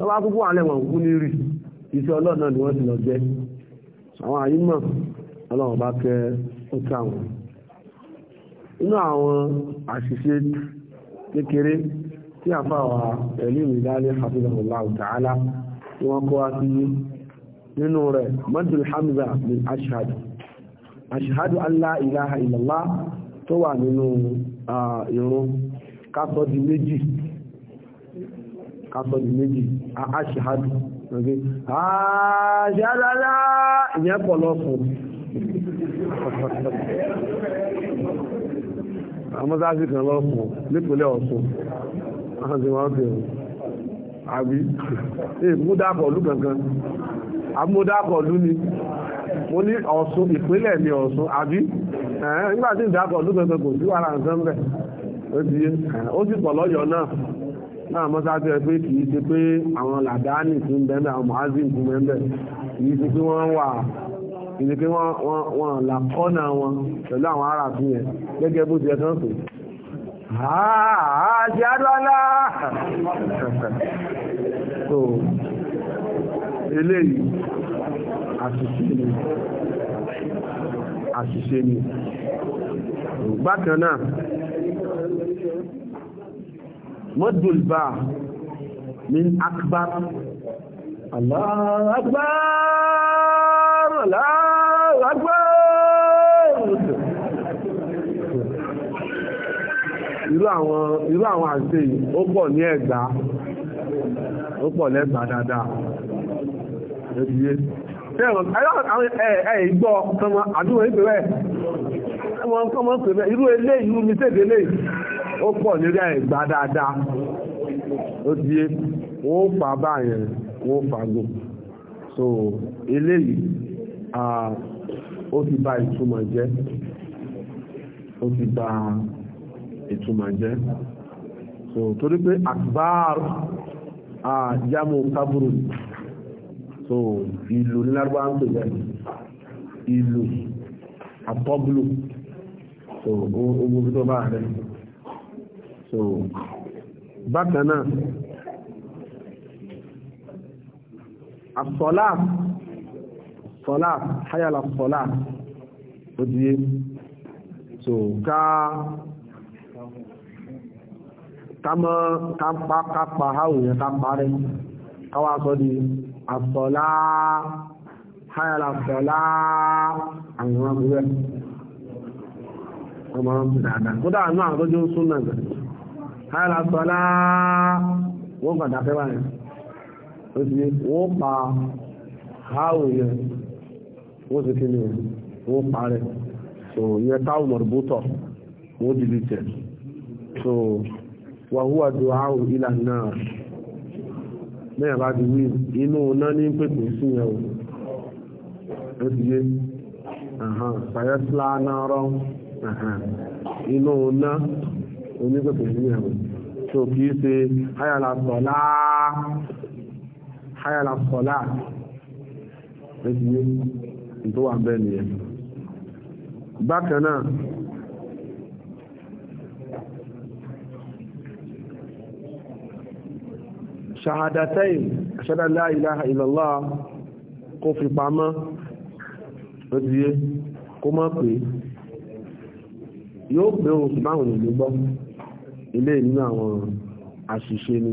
tó bá kúkú àlẹ́ wọn kú ní rí iṣẹ́ ọlọ́ọ̀nà ni wọ́n sì lọ jẹ́ àwọn àyímọ̀ ọlọ́run bá kẹ́ ó kí àwọn inú àwọn àṣìṣe kékeré tí àfàwà pẹ̀lú ìdálẹ́ hafizahullah ta'ala tí wọ́n kọ́ wá sí nínú rẹ̀ mọ́tìl hamza bin ashhadu ashhadu an la ilaha tó wà nínú ìrun kásọ̀ di méjì kásọ̀ di méjì aṣáájú ọ̀gẹ́ aṣáájú ìyẹn pọ̀ lọ́sùn àmọ́sáàsì kan lọ́sùn nípínlẹ̀ Ọ̀ṣun wọ́n ti wọ́n bẹ̀rẹ̀ àbí ìmúdàpọ̀ ọ̀lú kankan àmúdàpọ̀ ọ̀lú ni mo ní Ọ̀ṣun ìpínlẹ̀ ni Ọ̀ṣun àbí nígbà tí ìdàpọ̀ ọ̀lú kankan kò sí wàhálà nǹkan bẹ̀ ó ti pọ̀ lọ́yọ̀ náà náà mọ́sáàtì ẹ̀ pé kìí ṣe pé àwọn làdáánì tí ń bẹ́ẹ̀ àwọn mọ̀hásìn tí ń bẹ́ẹ̀ kìí ṣe pé wọ́n wà kìí ṣe pé wọ́n làkọ́nà wọn pẹ̀lú àwọn ará fi yẹn gẹ́gẹ́ bó ti ẹ̀ tán pè ṣe adọ́lá so eléyìí àṣìṣe ni àṣìṣe ni bákan náà mọ́dùlbà min akbar Allahu akbar Allahu akbar irú àwọn irú àwọn àṣẹ ó pọ̀ ní ẹ̀gbá ó pọ̀ lẹ́gbàá dáadáa ẹ̀dìyẹ ẹ̀ẹ̀gbọ́ àdúgbò ìpẹ̀rẹ̀ ẹ̀wọ̀n kọ́mọ́ pẹ̀rẹ̀ irú eléyìí irú mi tẹ́ẹ̀dẹ̀ eléyìí ó pọ̀ lórí àìgbà dáadáa ó ti yé wọ́n ó fà báyẹn wọ́n ó fàgò so eléyìí ó ti bà ìtumọ̀ jẹ́ ó ti bà ìtumọ̀ jẹ́ so torí pé akbar jamu kaburu so ìlú ní lárúbá ń pè ìlú àtọ́bùlù so ó gbogbo tó bá rẹ̀ so bákan náà àsọ̀lá sọ̀lá hayala sọ̀lá ó di yé so ká kámọ́ kápá kápá háwòyàn kápá rẹ̀ káwà sọ di àsọ̀lá hayala sọ̀lá àwọn ọmọ rẹ̀ ọmọ rẹ̀ dáadáa kódà náà tó jẹ́ ń sún náà hàrà sọ́lá wọ́n kàn dáfẹ́ wà yẹn ó ti wọ́n pa háwù yẹn wọ́n sì kíni wọ́n pa rẹ̀ so yẹ táwù mọ̀rùbútọ̀ wọ́n dìbì tẹ̀ so wàhúwà dùn háwù ilà náà lẹ́yìn bá ti wí inú ọ̀nà ní pèpè sí yẹn o ó ti yé sàyẹ́sìlá náà rọ inú ọ̀nà onígbèkè ní ẹ̀wọ̀n tó kì í ṣe hayala sọ̀lá hayala sọ̀lá ẹ̀sìn tó wà bẹ́ẹ̀ nìyẹn bákan náà ṣahadatain ashhadu an la ilaha illallah kó fi pamọ́ ó ti yé kó mọ́ pé yóò pé oṣù báwọn ènìyàn gbọ́ ilé nínú àwọn àṣìṣe ni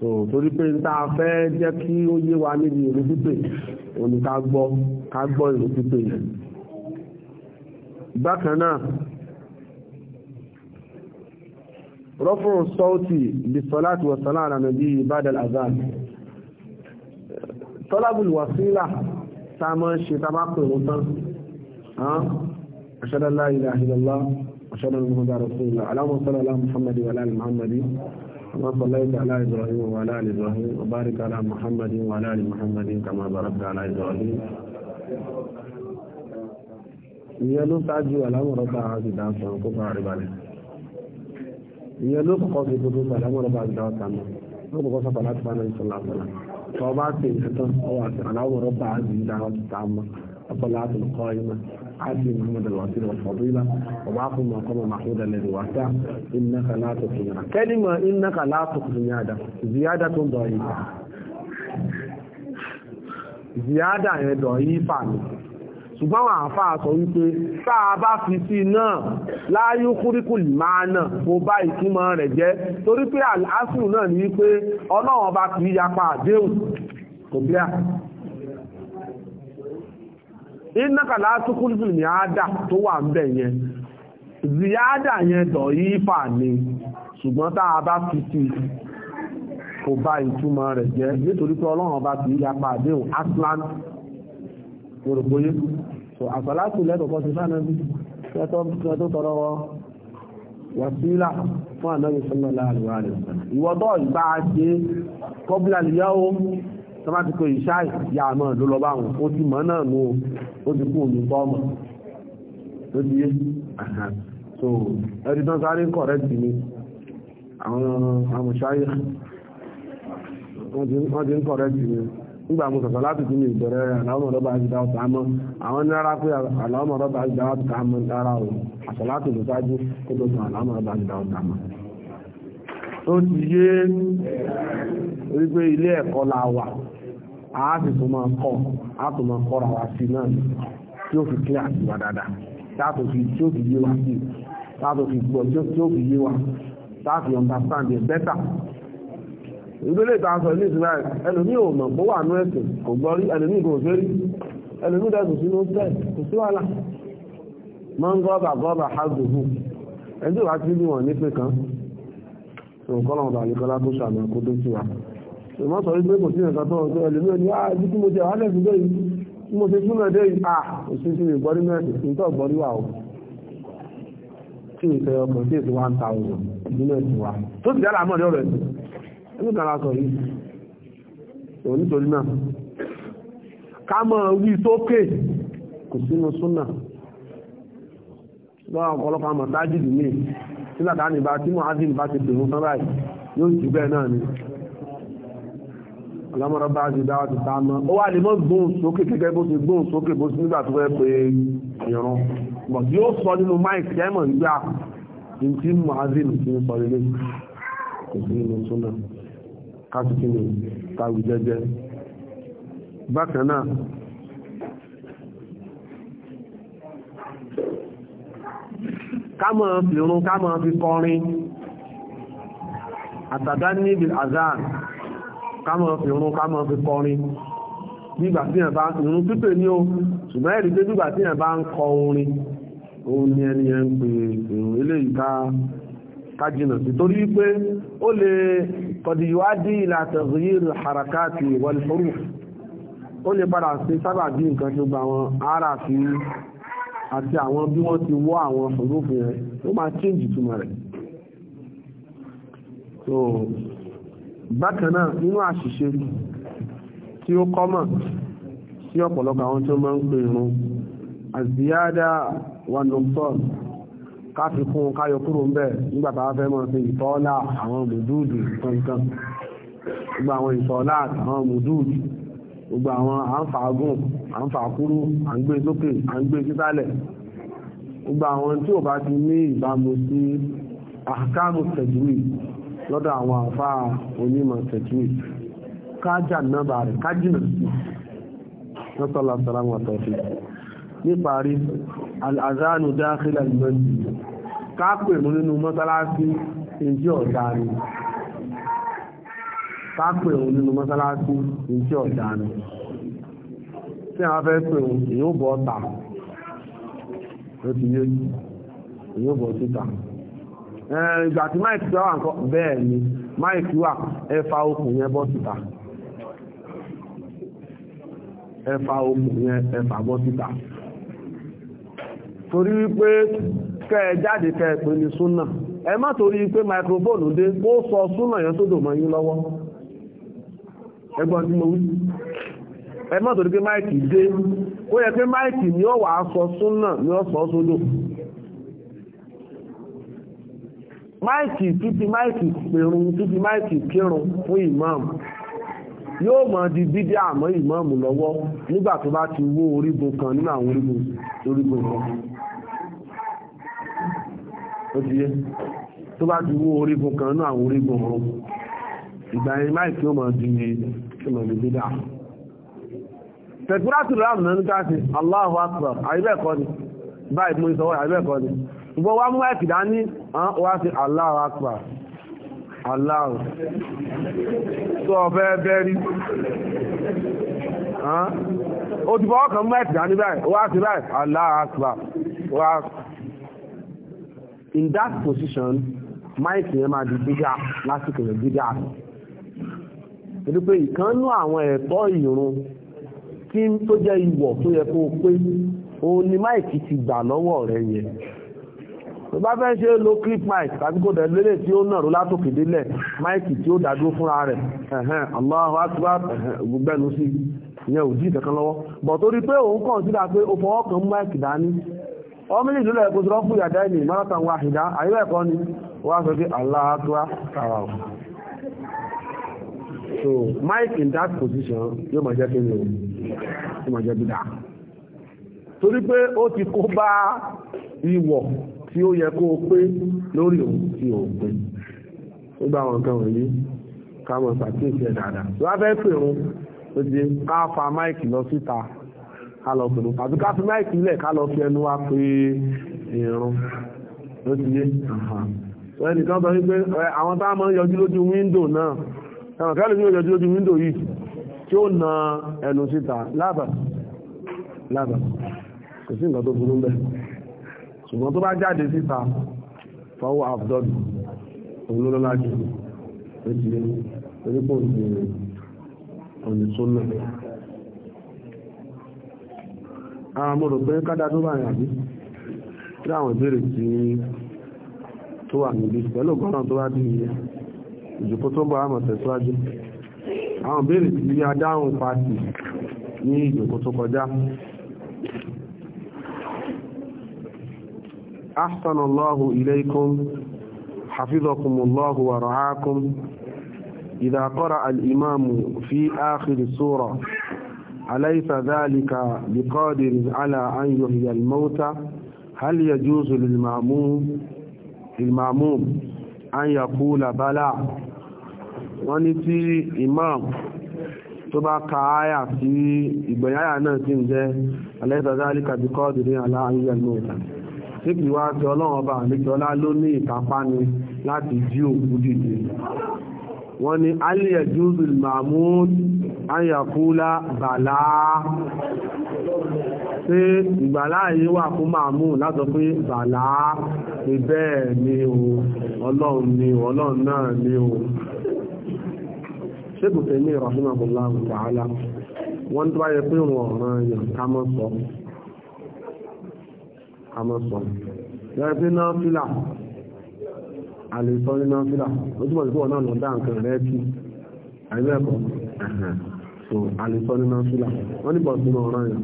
so torí pé n ta fẹ́ jẹ́ kí ó yé wa níbi ìlú pípé òun ni ká gbọ́ ká gbọ́ ìlú pípé yẹn bákan náà rọ́fún sọ́ọ̀tì bisalati wasala àrànà bí ibadal azan tọ́lábùl wasila tá a máa ń ṣe tá a bá pè wọ́n أشهد أن محمدا رسول الله اللهم صل على محمد وعلى آل محمد كما صليت على إبراهيم وعلى آل إبراهيم وبارك على محمد وعلى آل محمد كما باركت على إبراهيم ìyẹn ló ṣáájú alámọ̀rọ́bà àgbìdáṣà kó bá rí balẹ̀ ìyẹn ló kọ́kọ́ fi gbogbo alámọ̀rọ́bà àgbìdáṣà mọ́ ló kọ́kọ́ sọ́kọ̀ láti bá náà sọ́lá sọ́lá tọ́ bá ti nǹkan tán ọwọ́ àti alámọ̀rọ́bà àgbìdáṣà mọ́ الصلاة القائمة عدل محمد الوسيل والفضيلة ومعكم مقام محمود الذي وسع إنك لا تخزينا كلمة إنك لا تخزينا زيادة ضعيفة زيادة ضعيفة ṣùgbọ́n àwọn àfáà sọ wípé sáà bá fi sí náà láyé kúríkùlì máa náà mo bá ìtumọ̀ rẹ̀ jẹ́ torí pé àlásùn náà ní wípé ọlọ́run ọba kì í yapa àdéhùn kò bí i innaka la tukulfil miada tó wà ń bẹ̀ yẹn ziyada yẹn dọ̀ ni ṣùgbọ́n tá a bá fi sí kò bá ìtumọ̀ rẹ̀ jẹ́ nítorí pé ti yá pa àdéhùn aslan òrògbóyé so àfàlátù lẹ́kọ̀ọ́kọ́ ti sáà náà tó tọrọ wàsílà fún ànábì sallallahu alaihi wasallam ìwọ́dọ̀ ìbá ṣe kọ́bílà lìyàwó tó ti pé ìṣáì ya àmọ́ ló lọ báwọn ó ti mọ̀ náà nù ó ti kú òní bọ́ ọmọ tó ti yé so ẹni tán sáré ń kọ̀rẹ́tì ni àwọn àmọ̀ṣáyé wọ́n ti ń kọ̀rẹ́tì ni nígbà mo sọ̀sọ̀ láti tún mi ìbẹ̀rẹ̀ aláwọ̀ ọ̀dọ́ bá ti dáwọ́ tààmọ́ àwọn náírà pé aláwọ̀ ọ̀dọ́ bá ti dáwọ́ dára o àṣàlátò ló sáájú kó tó tún aláwọ̀ ọ̀dọ́ bá ti dáwọ́ ó ti yé wípé ilé ẹ̀kọ́ la wà àásì tó máa kọ́ àtò máa kọ́ra wá sí náà tí ó fi kílẹ̀ àti wà dáadáa táàtò fi tí ó fi yé wa sí táàtò fi gbọ́ tí ó fi yé wa táàfi understand it better ìgbélé ìtànsọ ní Israel ẹlòmí ò mọ̀ pó wà ní ẹ̀sìn kò gbọ́ rí ẹlòmí kò fẹ́ rí ẹlòmí dẹ̀ kò sínú tẹ̀ kò sí wàhálà mọ́ ń gọ́ọ̀bà gọ́ọ̀bà hàgbòhù ẹjọ́ wá sí bí wọ́n ní pé kan tó kọ́lọ̀ ọ̀bà àlekọ́lá tó ṣàmì kó tó ìmọ̀ sọ wípé kò sí nǹkan tó ọjọ́ ẹlẹ́mí ò ní àà ah, ibi tí mo ti àwọn ẹ̀sìn lóyìn tí mo ti súnmọ̀ dé yìí à ah, òsì sí ìgbọ́rí mẹ́rin sí tó gbọ́rí wà ó tí ìfẹ́ ọkọ̀ sí èsì one thousand nínú ẹ̀sìn wa tó ti dára mọ́ọ̀dé ọ̀rọ̀ ẹ̀sìn ẹni kan sọ yìí òun nítorí náà ká mọ̀ wí sókè kò sínú súnà lọ́wọ́ ọ̀pọ̀lọpọ̀ àmọ̀ tájìdì míì tí làdáni bá tí mọ̀ ázìm bá ti pè mú sábàyì yóò jù bẹ́ẹ̀ náà ni ọlọ́mọdé bá ti dáwà ti sáà mọ́ ó wà lè mọ́ gbóhùn sókè gẹ́gẹ́ bó ti gbóhùn sókè bó ti nígbà tó fẹ́ pé ìrún bọ̀ tí ó sọ nínú máìkì ẹ̀mọ̀ nígbà ní tí muhazin ti ń sọ lélẹ̀ kò sí nínú súnà kásìkì ní tàwí jẹ́jẹ́ bákan náà kámọ̀ fi rún kámọ̀ fi kọrin àtàdá níbi azan ká mọ̀ fi irun ká mọ̀ fi kọrin nígbà tí yẹn bá irun pípè ní o ṣùgbọ́n ẹ̀rí pé nígbà tí yẹn bá ń kọ orin òun ni ẹni yẹn ń pè irun eléyìí ká ká jìnà sí torí pé ó lè kọ̀dìyíwádì ìlà harakati wal huruf ó lè padà sí sábàbí ara ti wọ́ àwọn huruf yẹn ó máa change ìtumọ̀ so bákan náà nínú àṣìṣe tí ó kọ́mọ̀ sí ọ̀pọ̀lọpọ̀ àwọn tí ó máa ń pè irun àzíyádá wà nùtọ́n káfí kún káyọ kúrò ń bẹ̀ nígbà tá a fẹ́ mọ̀ sí ìtọ́lá àwọn mùdúùdù kankan gbogbo àwọn ìtọ́lá àwọn mùdúùdù gbogbo àwọn àǹfààgùn àǹfààkúrú à sókè à ń gbogbo àwọn tí ò bá ti ní ìbámu sí àkáàmù tẹ̀júwì lọ́dọ̀ àwọn àfá onímọ̀ tẹ̀kíwì kájà nọ́bà rẹ̀ kájìnà sí nọ́sọ́lá sàlámù àtọ́sí níparí al'azánù dákílà ìmọ̀jì kápẹ̀rún nínú mọ́sálásí ìjí ọ̀dáni kápẹ̀rún nínú mọ́sálásí ìjí ọ̀dáni tí a fẹ́ pẹ̀rún èyí ó bọ́ ta ó ti yé èyí ó bọ́ síta Eh, ìgbà tí máìkì tó wà nǹkan bẹ́ẹ̀ ni máìkì wà ẹ okùn yẹn bọ́ síta ẹ okùn yẹn ẹ bọ́ síta torí wípé kẹ́ ẹ jáde ẹ pè ní súnà ẹ má torí sọ súnà yẹn yín lọ́wọ́ ẹgbọ́n tí mo wí ẹ má torí pé máìkì dé ó yẹ pé máìkì títí máìkì pèrún títí máìkì kírun fún ìmáàmù yóò mọ̀ di bídí àmọ́ ìmáàmù lọ́wọ́ nígbà tó bá ti wó orígun kan nínú àwọn orígun orígun kan ó tó bá ti wó orígun kan nínú àwọn orígun kan ìgbà yẹn máìkì di ìmọ̀ di tẹ̀kúrátù náà ní káàkiri Allahu Akbar àyíbẹ̀kọ́ ni báyìí mo sọ ìgbọ́ wá mú ẹ̀kì dání wá sí Allahu Akbar Allahu tó ọ̀fẹ́ bẹ́rí ó ti fọ́ ọkàn mú ẹ̀kì dání báyìí wá sí báyìí Allahu Akbar wá in that position mike yẹn máa di gbígbà lásìkò yẹn gbígbà torí pé ìkànnú àwọn ẹ̀tọ́ ìrun tí tó jẹ́ ìwọ̀ tó yẹ kó pé òun ni mike ti gbà lọ́wọ́ rẹ̀ yẹn tó bá fẹ́ ṣe lo clip mic tàbí kò dẹ̀ lélẹ̀ tí ó nàró látòkè délẹ̀ máìkì tí ó dádúró fúnra rẹ̀ ẹ̀hẹ́n Allahu Akbar gbẹ́nu sí ìyẹn ò ìkankan lọ́wọ́ bọ̀ torí pé òun kàn sí pé ó fọwọ́ kan máìkì dání ọmọ ilé ìlúlẹ̀ ẹ̀kọ́ sọ́rọ́ ìyàdá ìní mọ́rọ̀tàn wa àyíwẹ̀ ẹ̀kọ́ ni wọ́n sọ pé Allahu Akbar tààrà ọ̀ so mic in that position yóò máa jẹ́ kí ni o yóò máa jẹ́ bí dáa torí pé ó ti kó bá ìwọ̀ tí ó yẹ kó o pé lórí òun tí o pé nígbà àwọn nǹkan wọ̀nyí ká mọ̀ ṣàkíyèsí ẹ̀ dáadáa wọ́n á fẹ́ pè wọn ó ti ká fa máìkì lọ síta ká lọ pẹ̀lú àbí ká fi máìkì lẹ̀ ká lọ fi ẹnu wa pé irun ló ti yé wọ́n nìkan sọ wípé àwọn táwọn máa ń yọjú lójú wíńdò náà ẹ̀rọ kẹ́lù ní òjòjú lójú wíńdò yìí tí ó na ẹnu síta lábà lábà kò sí nǹkan tó burú bẹ́ẹ̀ ṣùgbọ́n tó bá jáde síta fọwọ́ àfdọ́dù olólọ́lájú ojìlé onípò ònìtúnlẹ̀ àwọn mọ̀rọ̀ pé kádà tó bá rìn àbí tí àwọn ìbéèrè tí tó wà níbi pẹ̀lú gọ́nà tó wá dìí ìjòkó tó bá àmọ̀ tẹ̀síwájú àwọn ìbéèrè tí a dáhùn pàtì ní ìjòkó tó kọjá أحسن الله إليكم حفظكم الله ورعاكم إذا قرأ الإمام في آخر السورة أليس ذلك بقادر على أن يحيي الموتى هل يجوز للمعموم المعموم أن يقول بلى wọ́n ní tí imam tó bá ka áyà sí ìgbẹ̀yáyà náà sí ń jẹ́ أليس ذلك بقادر على أن يحيي الموتى síbi wá tí ọlọ́run ọba àlejọ́lá ló ní ìkápá ni láti jí òkú dìde wọ́n ní aliyah juzul mahmud ayakula bala pé ìgbàlá yìí wà fún mahmud látọ pé bala pé bẹ́ẹ̀ ni o ọlọ́run ni o ọlọ́run náà ni o ṣébùtẹ̀ ní ìrọ̀sùn àbúlá wọ́n tó bá yẹ pé wọ́n ọ̀ràn èèyàn ká mọ́ sọ àmọ́sọ̀ lẹ́ẹ̀fẹ́ náà fílà àlèsọ́ ní náà fílà ó túnmọ̀ sí náà lọ nǹkan rẹ̀ kí àìbẹ́ẹ̀kọ́ so àlèsọ́ ní náà fílà wọ́n ní bọ̀sí náà rán yàn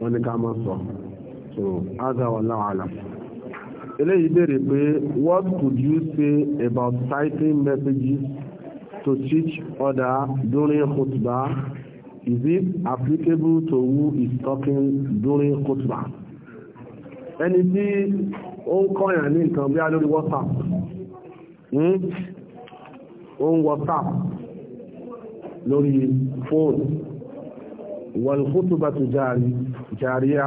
wọ́n ní ká mọ́ sọ so ága wà láwàlá eléyìí béèrè pé what could you say about citing messages to teach other during khutbah is it applicable to who is talking during khutbah ẹni tí ó ń kọ́yàn ní nǹkan bí a lórí WhatsApp hmm? ó ń WhatsApp lórí fóònù wal khutbatu jàríyá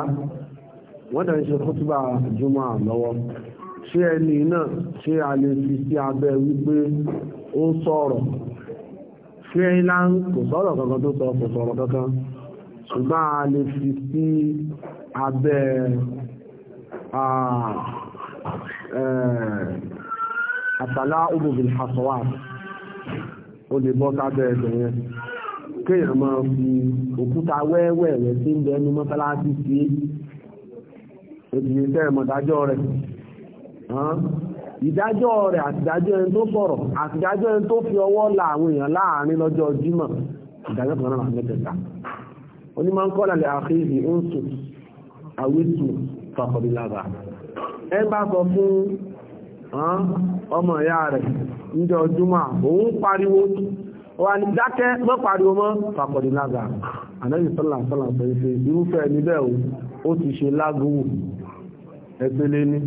wọ́n tẹ̀ ń ṣe khutba jùmọ̀ lọ́wọ́ ṣé ẹni náà ṣé a lè fi sí abẹ́ wípé ó sọ̀rọ̀ ṣé ilá kò sọ̀rọ̀ kankan tó sọ kò sọ̀rọ̀ kankan ṣùgbọ́n a lè fi sí abẹ́ Ah, eh, àtàlá òbòbìn àsọ̀wà ó lè bọ́ sábẹ́ ẹ̀dọ̀ yẹn máa fi òkúta wẹ́wẹ́ rẹ̀ sí ń bẹ ẹnu mọ́sálásí sí èdìyẹ tẹ́ ẹ̀mọ̀dájọ́ rẹ̀ ìdájọ́ rẹ̀ àtìdájọ́ ẹni tó sọ̀rọ̀ àtìdájọ́ ẹni tó fi ọwọ́ la àwọn èèyàn láàrin lọ́jọ́ fàkọ̀dì lábà ẹ bá sọ fún ọmọ ìyá rẹ̀ níjọ júmọ́ òun pariwo wà ní dákẹ́ mọ́ pariwo mọ́ fàkọ̀dì lábà ànábì sọ́là irúfẹ́ ẹni o ó ti ṣe lágùwò ẹgbẹ́lé ní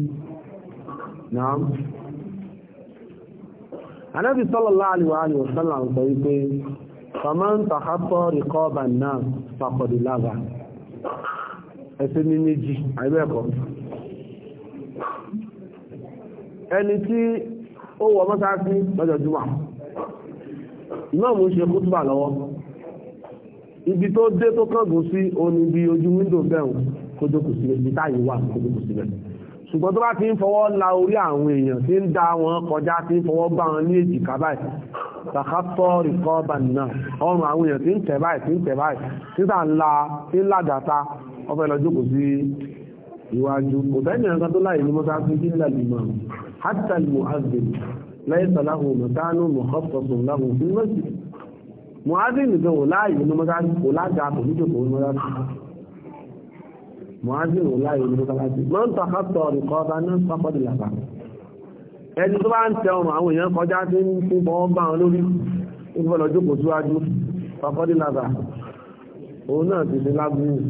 náà ànábì sallallahu alaihi wa sallam sọ pé faman takhatta riqaban nas fàkọ̀dì lábà ẹsẹ̀ ní méjì àìbẹ́ẹ̀kọ́ ẹni tí ó wọ mọ́sáàtì lọ́jọ́ jùmọ̀ ìmáàmù ń ṣe kútùbà lọ́wọ́ ibi tó dé tó kángun sí oní bí ojú wíńdò bẹ́ẹ̀ kó jókòó sílẹ̀ ibi táyì wà kó jókòó sílẹ̀ ṣùgbọ́n tó bá ti ń fọwọ́ la orí àwọn èèyàn tí ń da wọn kọjá tí ń fọwọ́ bá wọn ní èjìká báyìí sàkátọ́ rìkọ́ bàmínà ọrùn àwọn èèyàn tí ń tẹ̀ báyìí tí ń tẹ̀ báyìí títà ńlá tí ń ládàáta wọ́n fẹ́ lọ jókòó sí iwájú kò sẹ́yìn nǹkan tó láì ní mọ́sáàsì nílẹ̀ ìmọ̀ hatta mu'adhin laysa lahu makanu mukhassasun lahu fil masjid mu'adhin nìkan wò láàyè ní mọ́sáàsì kò lága kò ní jókòó ní mọ́sáàsì mu'adhin wò láàyè ní mọ́sáàsì man takhatta riqabana faqad laga ẹni tó bá ń tẹ ọrùn àwọn èèyàn kọjá tí ń fún bọ́ bá wọn lórí ìfọ̀lọ́jókòó síwájú faqad laga òun náà ti fi lágbóhùn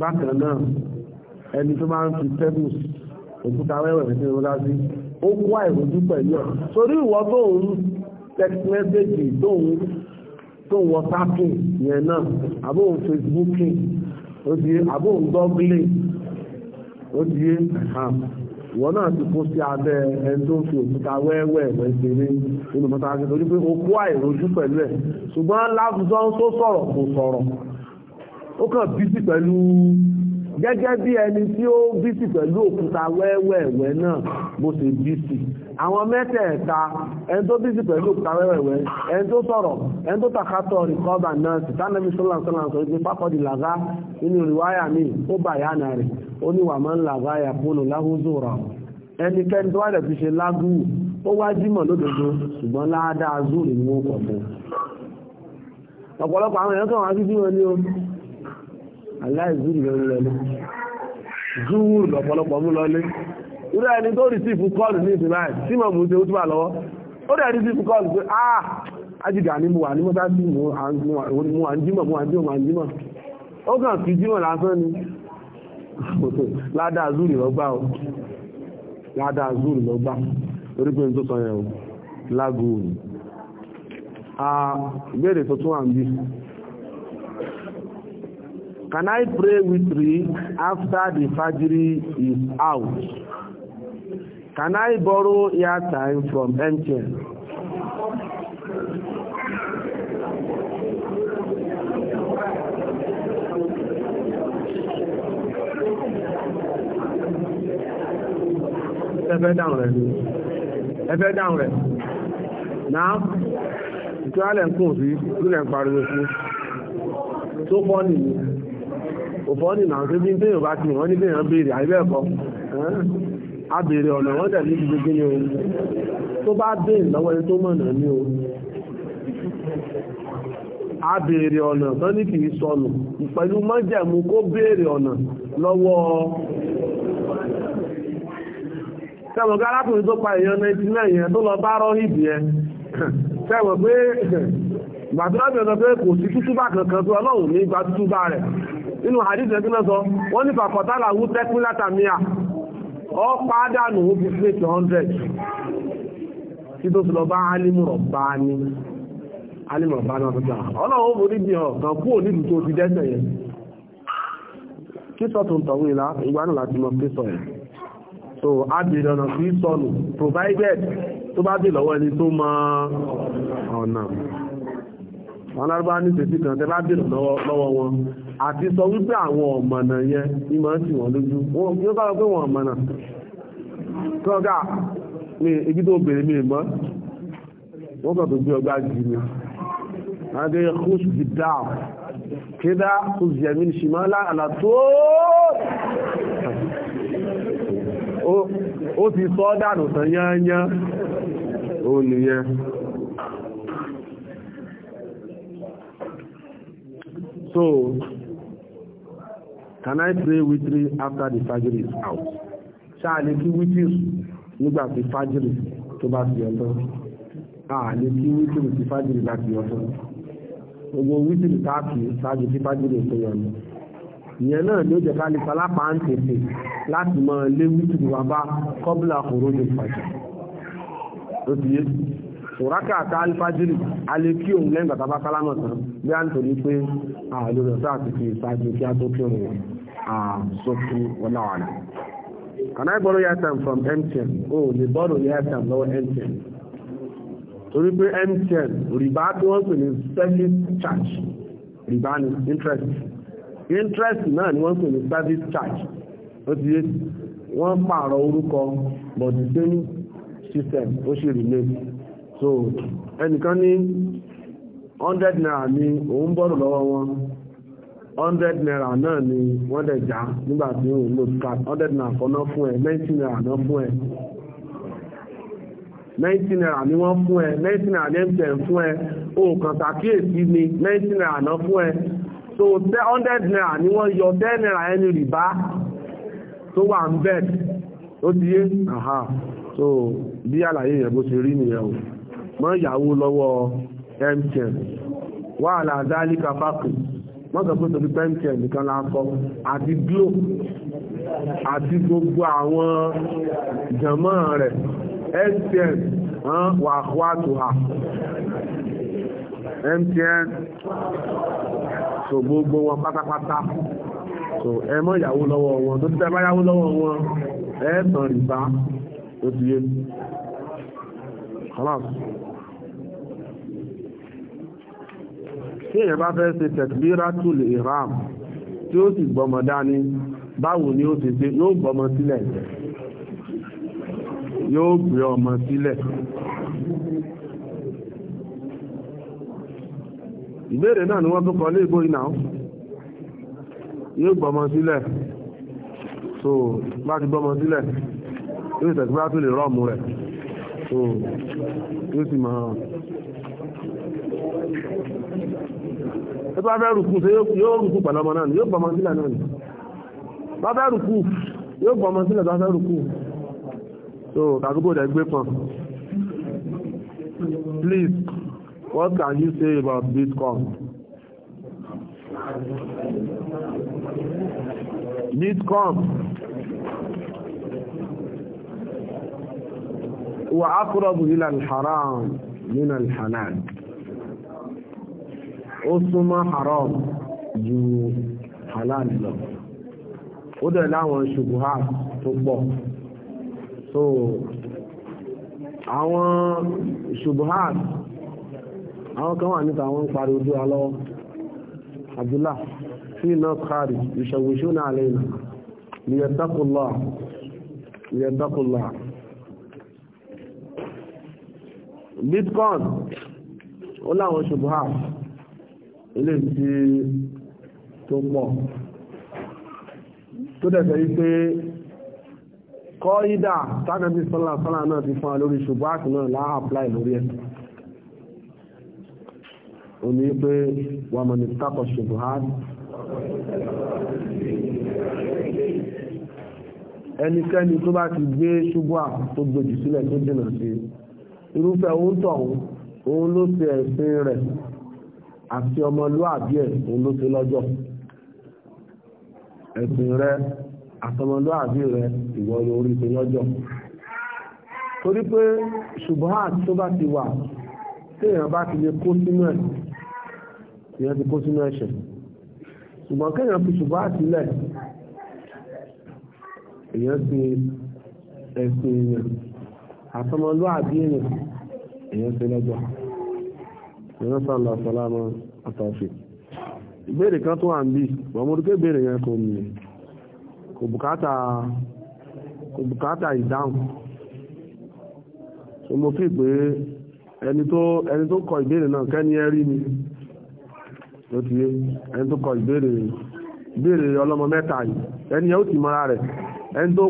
bákan náà ẹni tó máa ń fi pebbles òkúta wẹ́wẹ́ nínú ìrora sí ó kó àìrójú pẹ̀lú ẹ̀ torí ìwọ tó ń text message tó ń tó ń wọ́sápìn yẹn náà àbó ń facebooking ó ti yé àbó ń googling ó ti yé ìwọ náà ti kó sí abẹ́ ẹni tó ń fi òkúta wẹ́wẹ́ ẹ̀wẹ́ ṣeré nínú mọ́tàkì torí pé ó kó àìrójú pẹ̀lú ẹ̀ ṣùgbọ́n láfùsọ́ tó sọ̀rọ̀ kò sọ̀rọ̀ ó kàn bísí pẹ̀lú gẹ́gẹ́ bí ẹni tí ó bísí pẹ̀lú òkúta wẹ́wẹ̀wẹ́ náà bó ṣe bísí àwọn mẹ́tẹ̀ẹ̀ta ẹni tó bísí pẹ̀lú òkúta wẹ́wẹ̀wẹ́ ẹni tó sọ̀rọ̀ ẹni tó takátọ̀ rìkọ́bà náà sì tánàbí sọ́làn sọ́làn sọ pé pápọ̀dì làgá nínú ìwáyà mi ó bà yá náà rẹ̀ ó ní wàmọ́ ń làgá yà polo láhúzò rà ẹnikẹ́ni tó wà lẹ̀ fi ṣe lágùú ó wá jímọ̀ lódodo ṣùgbọ́n ládàá zúrì ni wọ́n pọ̀ fún ọ̀pọ̀lọpọ̀ àwọn èèyàn kan wá sí bí wọn ní o aláìzúrù ló ń lọlé zúwúrù lọ́pọ̀lọpọ̀ mú lọlé irú ẹni tó rí sí ìfún kọ́ọ̀lù ní ìsìn báyìí tí mọ̀ mú ṣe útùbà lọ́wọ́ ó rẹ̀ rí sí ìfún kọ́ọ̀lù pé ah ajígà ní mo wà ní mọ́tà sí mo à ń jímọ̀ mo à ń jímọ̀ mo à ń jímọ̀ ó kàn fi jímọ̀ lásán ni *laughs* ládàá zúrù lọ́gbà o ládàá zúrù lọ́gbà torí pé n tó sọ yẹn o lágùn ah, ìbéèrè tó tún wà ń bí Can I pray with you after the Fajri is out? Can I borrow your time from MTN? Ẹfẹ́ dáhùn rẹ̀ ni. Ẹfẹ́ dáhùn rẹ̀. Náà, ìtura lẹ̀ ń kùn sí, ìtura lẹ̀ ń pariwo sí. Tó bọ́ nìyí. òfò nìna tó bí ndị bá ti wọ́n ní béèrè àìbẹ́ ẹ̀kọ́ a ọ̀nà wọ́n tẹ̀lé dị gbogbo ní ohun tó bá ẹni tó mọ̀nà o a ọ̀nà tán ní kìí sọnù pẹ̀lú májẹ̀mú kó béèrè ọ̀nà lọ́wọ́ pa èèyàn yẹn tó lọ bá rọ́hìbì sẹ́wọ̀n pé gbàdúrà ọ̀nà pé kò kankan tó ọlọ́run ní nínú hadith ẹ̀kí náà sọ wọ́n ní fàkọ̀tàlà wú tẹ́kún látàmíà ọ pàádànù ó fi pé 200 kí tó sùlọ bá alímùrọ̀ bá ní alímùrọ̀ bá náà tọ́jà ọlọ́run ó borí bí ọ̀kan kú ò nílùú tó ti dẹ́sẹ̀ yẹn kí sọ́tún tọ̀wé ìlà ìgbà so a bèèrè ọ̀nà sí sọnù provided tó bá dì lọ́wọ́ ẹni tó mọ ọ̀nà wọn lárúbá ní tètè kan tẹ bá bèèrè lọ́wọ́ wọn àti sọ wípé àwọn ọ̀mọ̀nà yẹn ní máa ń tì wọ́n lójú wọn yóò bá pé wọn ọ̀mọ̀nà tọ́gà ní ibi tó bèrè mi mọ́ wọ́n kàn tó gbé ọgbà jù mí àti kúṣù ti dá kédà kúṣù yẹmí ní ṣìmọ́lá àlàtó ó ti sọ dànù tán yányán ó nìyẹn so can I pray with you after the fajr is out ṣáàlè kí witri nígbà tí fajr tó bá ti ọ̀tọ̀ ààlè kí witri tí fajr bá ti ọ̀tọ̀ gbogbo witri táàkì ṣáàlè kí fajr tó yọ ní ìyẹn náà ló jẹ́ ká lè falápa ń tètè láti mọ lé witri wa bá kọ́bùlà kòrónì fàjì ó ti yé òrákà àta alifájírì alẹ́ kí òun lẹ́yìn bàtà bá sálámọ̀ tán bí a ń torí pé àlọ́ rẹ̀ sáà ti fi ìsájú kí a tó kí òun àsọ́kú wọlá wà ní. Can I borrow airtime from MTN? o lè borrow airtime lọ́wọ́ MTN torí pé MTN rìbá tí wọ́n pè ní service charge rìbá ni interest interest náà ni wọ́n pè ní service charge ó ti yé wọ́n pààrọ̀ orúkọ but the system ó sì relate so ẹnìkan ní 100 naira ni òun bọ́rù lọ́wọ́ wọn 100 naira náà ni wọ́n dẹ̀ já nígbà tí òun lò scarf 100 naira kọ́ná fún ẹ 90 naira náà fún ẹ 90 naira ni wọ́n fún ẹ 90 naira ní mtn fún ẹ òkàn ṣàkíyèsí ni 90 naira náà fún ẹ so hundred naira ni wọ́n yọ 10 naira ẹni rìbá tó wà ń bẹ́ẹ̀ ó ti yé so bí àlàyé yẹn bó ṣe rí nìyẹn o mọ́ ìyàwó lọ́wọ́ MTN wà àlàdáálì kàfàkì wọ́n sọ pé torí MTN nìkan la sọ àti Glo àti gbogbo àwọn jàmọ́ rẹ̀ MTN wà wá tó hà MTN so gbogbo wọn pátápátá so ẹ mọ́ ìyàwó lọ́wọ́ wọn tó tẹ́ bá yáwó lọ́wọ́ wọn ẹ̀ẹ́tàn rìbá ó ti yé. Khalas. tí èèyàn bá fẹ́ ṣe takbiratul ihram tí ó sì gbọmọ dání báwo ni ó ti ṣe yóò gbọmọ sílẹ̀ yóò gbé ọmọ sílẹ̀ ìbéèrè náà ni wọ́n tó kọ léèbó iná yóò gbọmọ sílẹ̀ so bá ti gbọmọ sílẹ̀ yóò tẹ̀síwájú lè rọ́ọ̀mù rẹ̀ so yóò sì máa ẹ tó bá fẹ́ rùkú ṣe yóò rùkú pẹ̀lú ọmọ náà yóò gbọmọ sílẹ̀ náà ni bá fẹ́ rùkú yóò gbọmọ sílẹ̀ tó fẹ́ rùkú so kàdúgbò dẹ̀ gbé pọ̀n please what can you say about Bitcoin Bitcoin وأقرب إلى الحرام من الحلال ó súnmọ́ haram ju halal lọ ó dẹ̀ láwọn ṣubuha tó pọ̀ so àwọn ṣubuha àwọn kan wà níta àwọn ń parí ojú alọ́ abdullah fi iná kárì ìṣàwòṣó náà lẹ́yìn liyatakullah bitcoin ó láwọn ṣubuha eléyìí tó pọ̀ tó dẹ̀sẹ̀ yí pé kọ́ ìdá tánàbí sọ́lá sọ́lá náà ti fún alórí ṣùgbáàkì náà láà apply lórí ẹ̀ o ní pé wà mọ̀ ní tápọ̀ ṣùgbáàkì ẹnikẹ́ni tó bá ti gbé ṣùgbà tó gbèjì sílẹ̀ tó dènà sí irúfẹ́ òun tọ̀hún òun ló ti ẹ̀sìn rẹ̀ àti ọmọlúàbí ẹ̀ òun ló ṣe lọ́jọ́ ẹ̀sìn rẹ àtọmọlúàbí rẹ ìwọ ló rí ṣe lọ́jọ́ torí pé ṣùgbọ́n tó bá ti wà téèyàn bá ti lè kó sínú ẹ̀ èèyàn ti kó sínú ẹ̀ṣẹ̀ ṣùgbọ́n kéèyàn fi ṣùgbọ́n àtìlẹ̀ èèyàn ti ẹ̀sìn èèyàn àtọmọlúàbí èèyàn èèyàn ṣe lọ́jọ́ ìránṣàlá sàlámà àtàfẹ́ ìbéèrè kan tó wà ń bí ọmọdúké ìbéèrè yẹn kò ní kò bùkátà kò bùkátà ìdáhùn so mo fi pé ẹni tó ẹni tó kọ ìbéèrè náà kẹ́ni ẹ rí mi ló ti yé ẹni tó kọ ìbéèrè ìbéèrè ọlọ́mọ mẹ́ta yìí ẹni ó ti mọ́ra rẹ̀ and the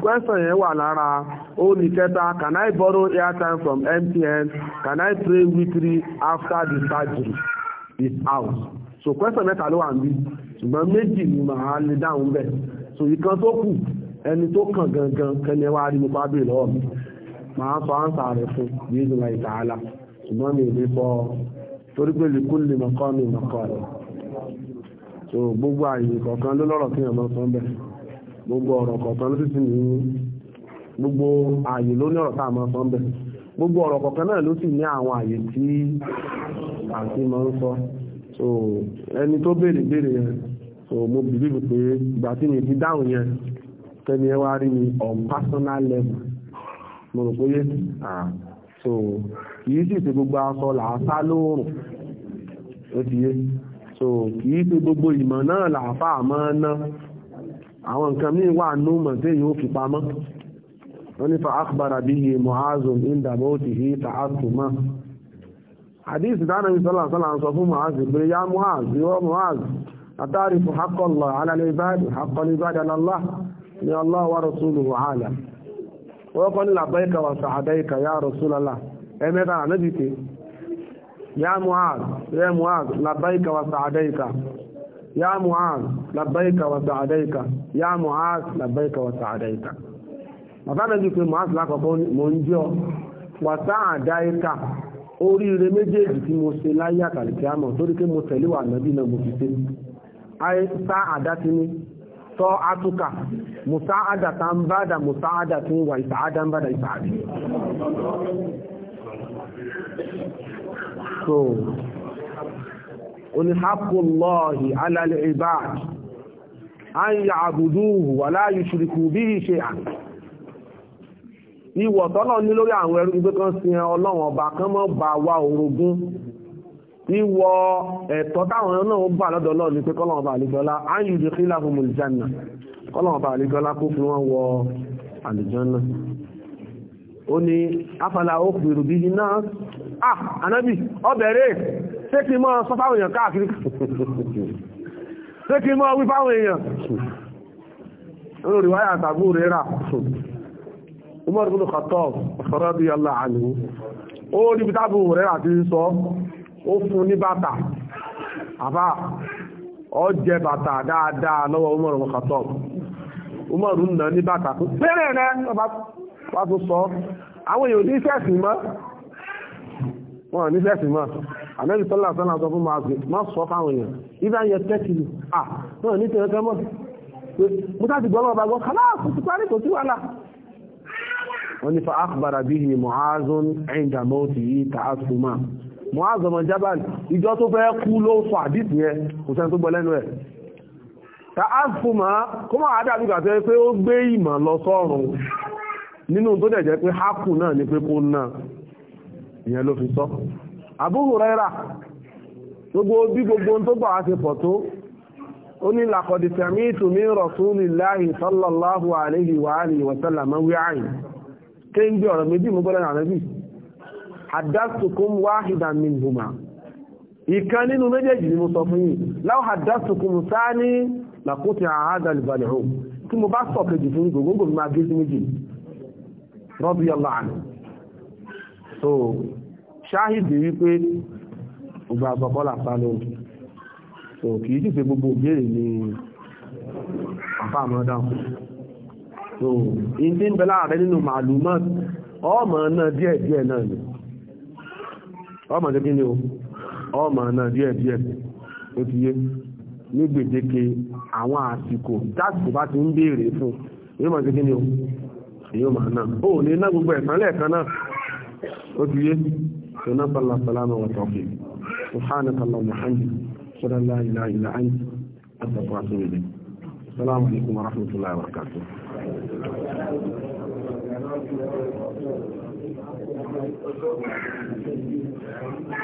question yẹn wà lára ó ní kẹta can I borrow airtime from MTN can I pray weekly after the surgery is out so question mẹ́ta ló wà níbí ṣùgbọ́n méjì ni màá lè dáhùn bẹ́ẹ̀ so ìkan tó kù ẹni tó kàn gangan kẹni ẹ wá rí mi fábíì lọ́wọ́ mi màá sọ ánsà rẹ̀ fún bí ìdùnnà ìtàhálà ṣùgbọ́n mi ò ní bọ́ torí pé lè kún lè mọ̀kọ́ mi mọ̀kọ́ rẹ̀ so gbogbo àyè kọ̀ọ̀kan ló lọ́rọ̀ fi hàn mọ́ sọ́ńbẹ́ gbogbo ọ̀rọ̀ kọ̀ọ̀kan ló sì sì ní gbogbo ààyè ló ọ̀rọ̀ tá a bẹ̀ gbogbo ọ̀rọ̀ kọ̀ọ̀kan náà ló sì ní àwọn ààyè tí àti máa ń sọ ẹni tó béèrè béèrè yẹn so mo bìlíìfù pé ìgbà tí mi fi dáhùn yẹn tẹ́ni ẹ wá rí mi on personal level mo rò pé yé so kìí sì ṣe gbogbo aṣọ làásá lóòrùn ó ti yé so kìí ṣe gbogbo ìmọ̀ náà làáfà máa ń ná àwọn nǹkan míì wà nù mọ̀ tí yóò fi pamọ́ wọ́n ní fa akbara bihi mu'azun inda mawtihi ta'assuma hadith dáná ní sọ́lá sọ́lá sọ fún mu'az pé ya mu'az yọ mu'az atarifu haqqallah ala al-ibad haqqal ibad ala Allah ni Allah wa rasuluhu alam wọ́n kọ́ ní labbaika wa sa'adaika ya rasulallah ẹ̀mẹ́ta ànábìtì ya mu'az ya mu'az labbaika wa sa'adaika ya mu'az labbaika wa sa'adaika ya mu'az labbaika wa sa'adaika bàbá méjì pé mu'az lákọ̀ọ́kọ́ mo ń jẹ́ ọ wa sa'adaika oríire méjèèjì tí mo ṣe láyé àtàlìkí àmọ́ torí pé mo tẹ̀lé wà nàbí náà mo fi ṣe ayé sáàdá ti ní tọ́ átúkà musáàdà tá ń bádà musáàdà tí ń wà ìsáàdà ń so oní haqqullah ala al-ibad an ya'buduhu wa la yushriku bihi shay'an ìwọ̀ tọ́lọ̀ ní lórí àwọn ẹrú gbígbé kan sin ọlọ́run ọba kan mọ́ bá wa orogún ìwọ̀ ẹ̀tọ́ táwọn ẹrú náà bà lọ́dọ̀ ṣé kí mọ́ sọ fáwọn èèyàn káàkiri ṣé kí mọ́ wí fáwọn èèyàn olórí wáyà àtàgbò rẹ̀ rà Umar ibn Khattab radiyallahu anhu ó níbi tábù rẹ̀ àti sọ ó fún ní bàtà àbá ó jẹ bàtà dáadáa lọ́wọ́ Umar ibn Khattab Umar ń nà ní bàtà tó pẹ́rẹ̀ rẹ̀ wá tó sọ àwọn èèyàn ní fẹ́sìn mọ́ wọn ní fẹ́sì máa àmẹ́lì tọ́lá tọ́lá sọ fún máa má sọ fáwọn èèyàn ibá yẹ tẹ́kìlì à náà ní tẹ́rẹ tẹ́mọ́ mú láti gbọ́ lọ́wọ́ bá gbọ́ kálá kò sí parí kò sí wàhálà wọ́n ní fa akhbara bihi mu'azun inda mawti yìí ta asuma mu'az gbọ́ lẹ́nu ẹ̀ ta pé ó gbé ìmọ̀ lọ sọ́run nínú tó dẹ̀ jẹ́ pé hákù náà ni pé kó náà ìyẹn ló fi sọ Abu Huraira gbogbo bí gbogbo tó gbà wá ṣe pọ̀ tó ó ní làkọ̀dì sẹ̀mí ìtùmí Rasulillahi sallallahu alaihi wa alihi wa sallam wí àyìn kéńgbé ọ̀rọ̀ méjì mú gbọ́dọ̀ nàbí haddathukum wahidan minhuma ìkan nínú mo bá sọ kejì fún gbogbo mi máa gé sí méjì radiyallahu anhu so ṣáhìdì wípé ògbà àgbàbọ́là sálò so kì í gbogbo ìbéèrè ni àfáà mọ́ so in tí ń bẹ láàrẹ nínú màálùmọ́ ọmọ náà díẹ̀ díẹ̀ náà ni ọmọ jẹ́ kí ni o ọmọ náà díẹ̀ díẹ̀ ó ti yé ní gbèdéke àwọn àsìkò dáàsìkò bá ti ń béèrè fún yóò máa jẹ́ kí ni o yóò náà ní gbogbo ẹ̀sán lẹ́ẹ̀kan náà ó ti yé ṣùnà sọ́lá sọ́lámà wà tọ́kì ṣùhánà sọ́lá mọ̀hánjì ṣọ́lá láìlá ìlà àǹtí àtàkùn àtúnyẹ̀dẹ̀ السلام عليكم ورحمة الله وبركاته Thank you.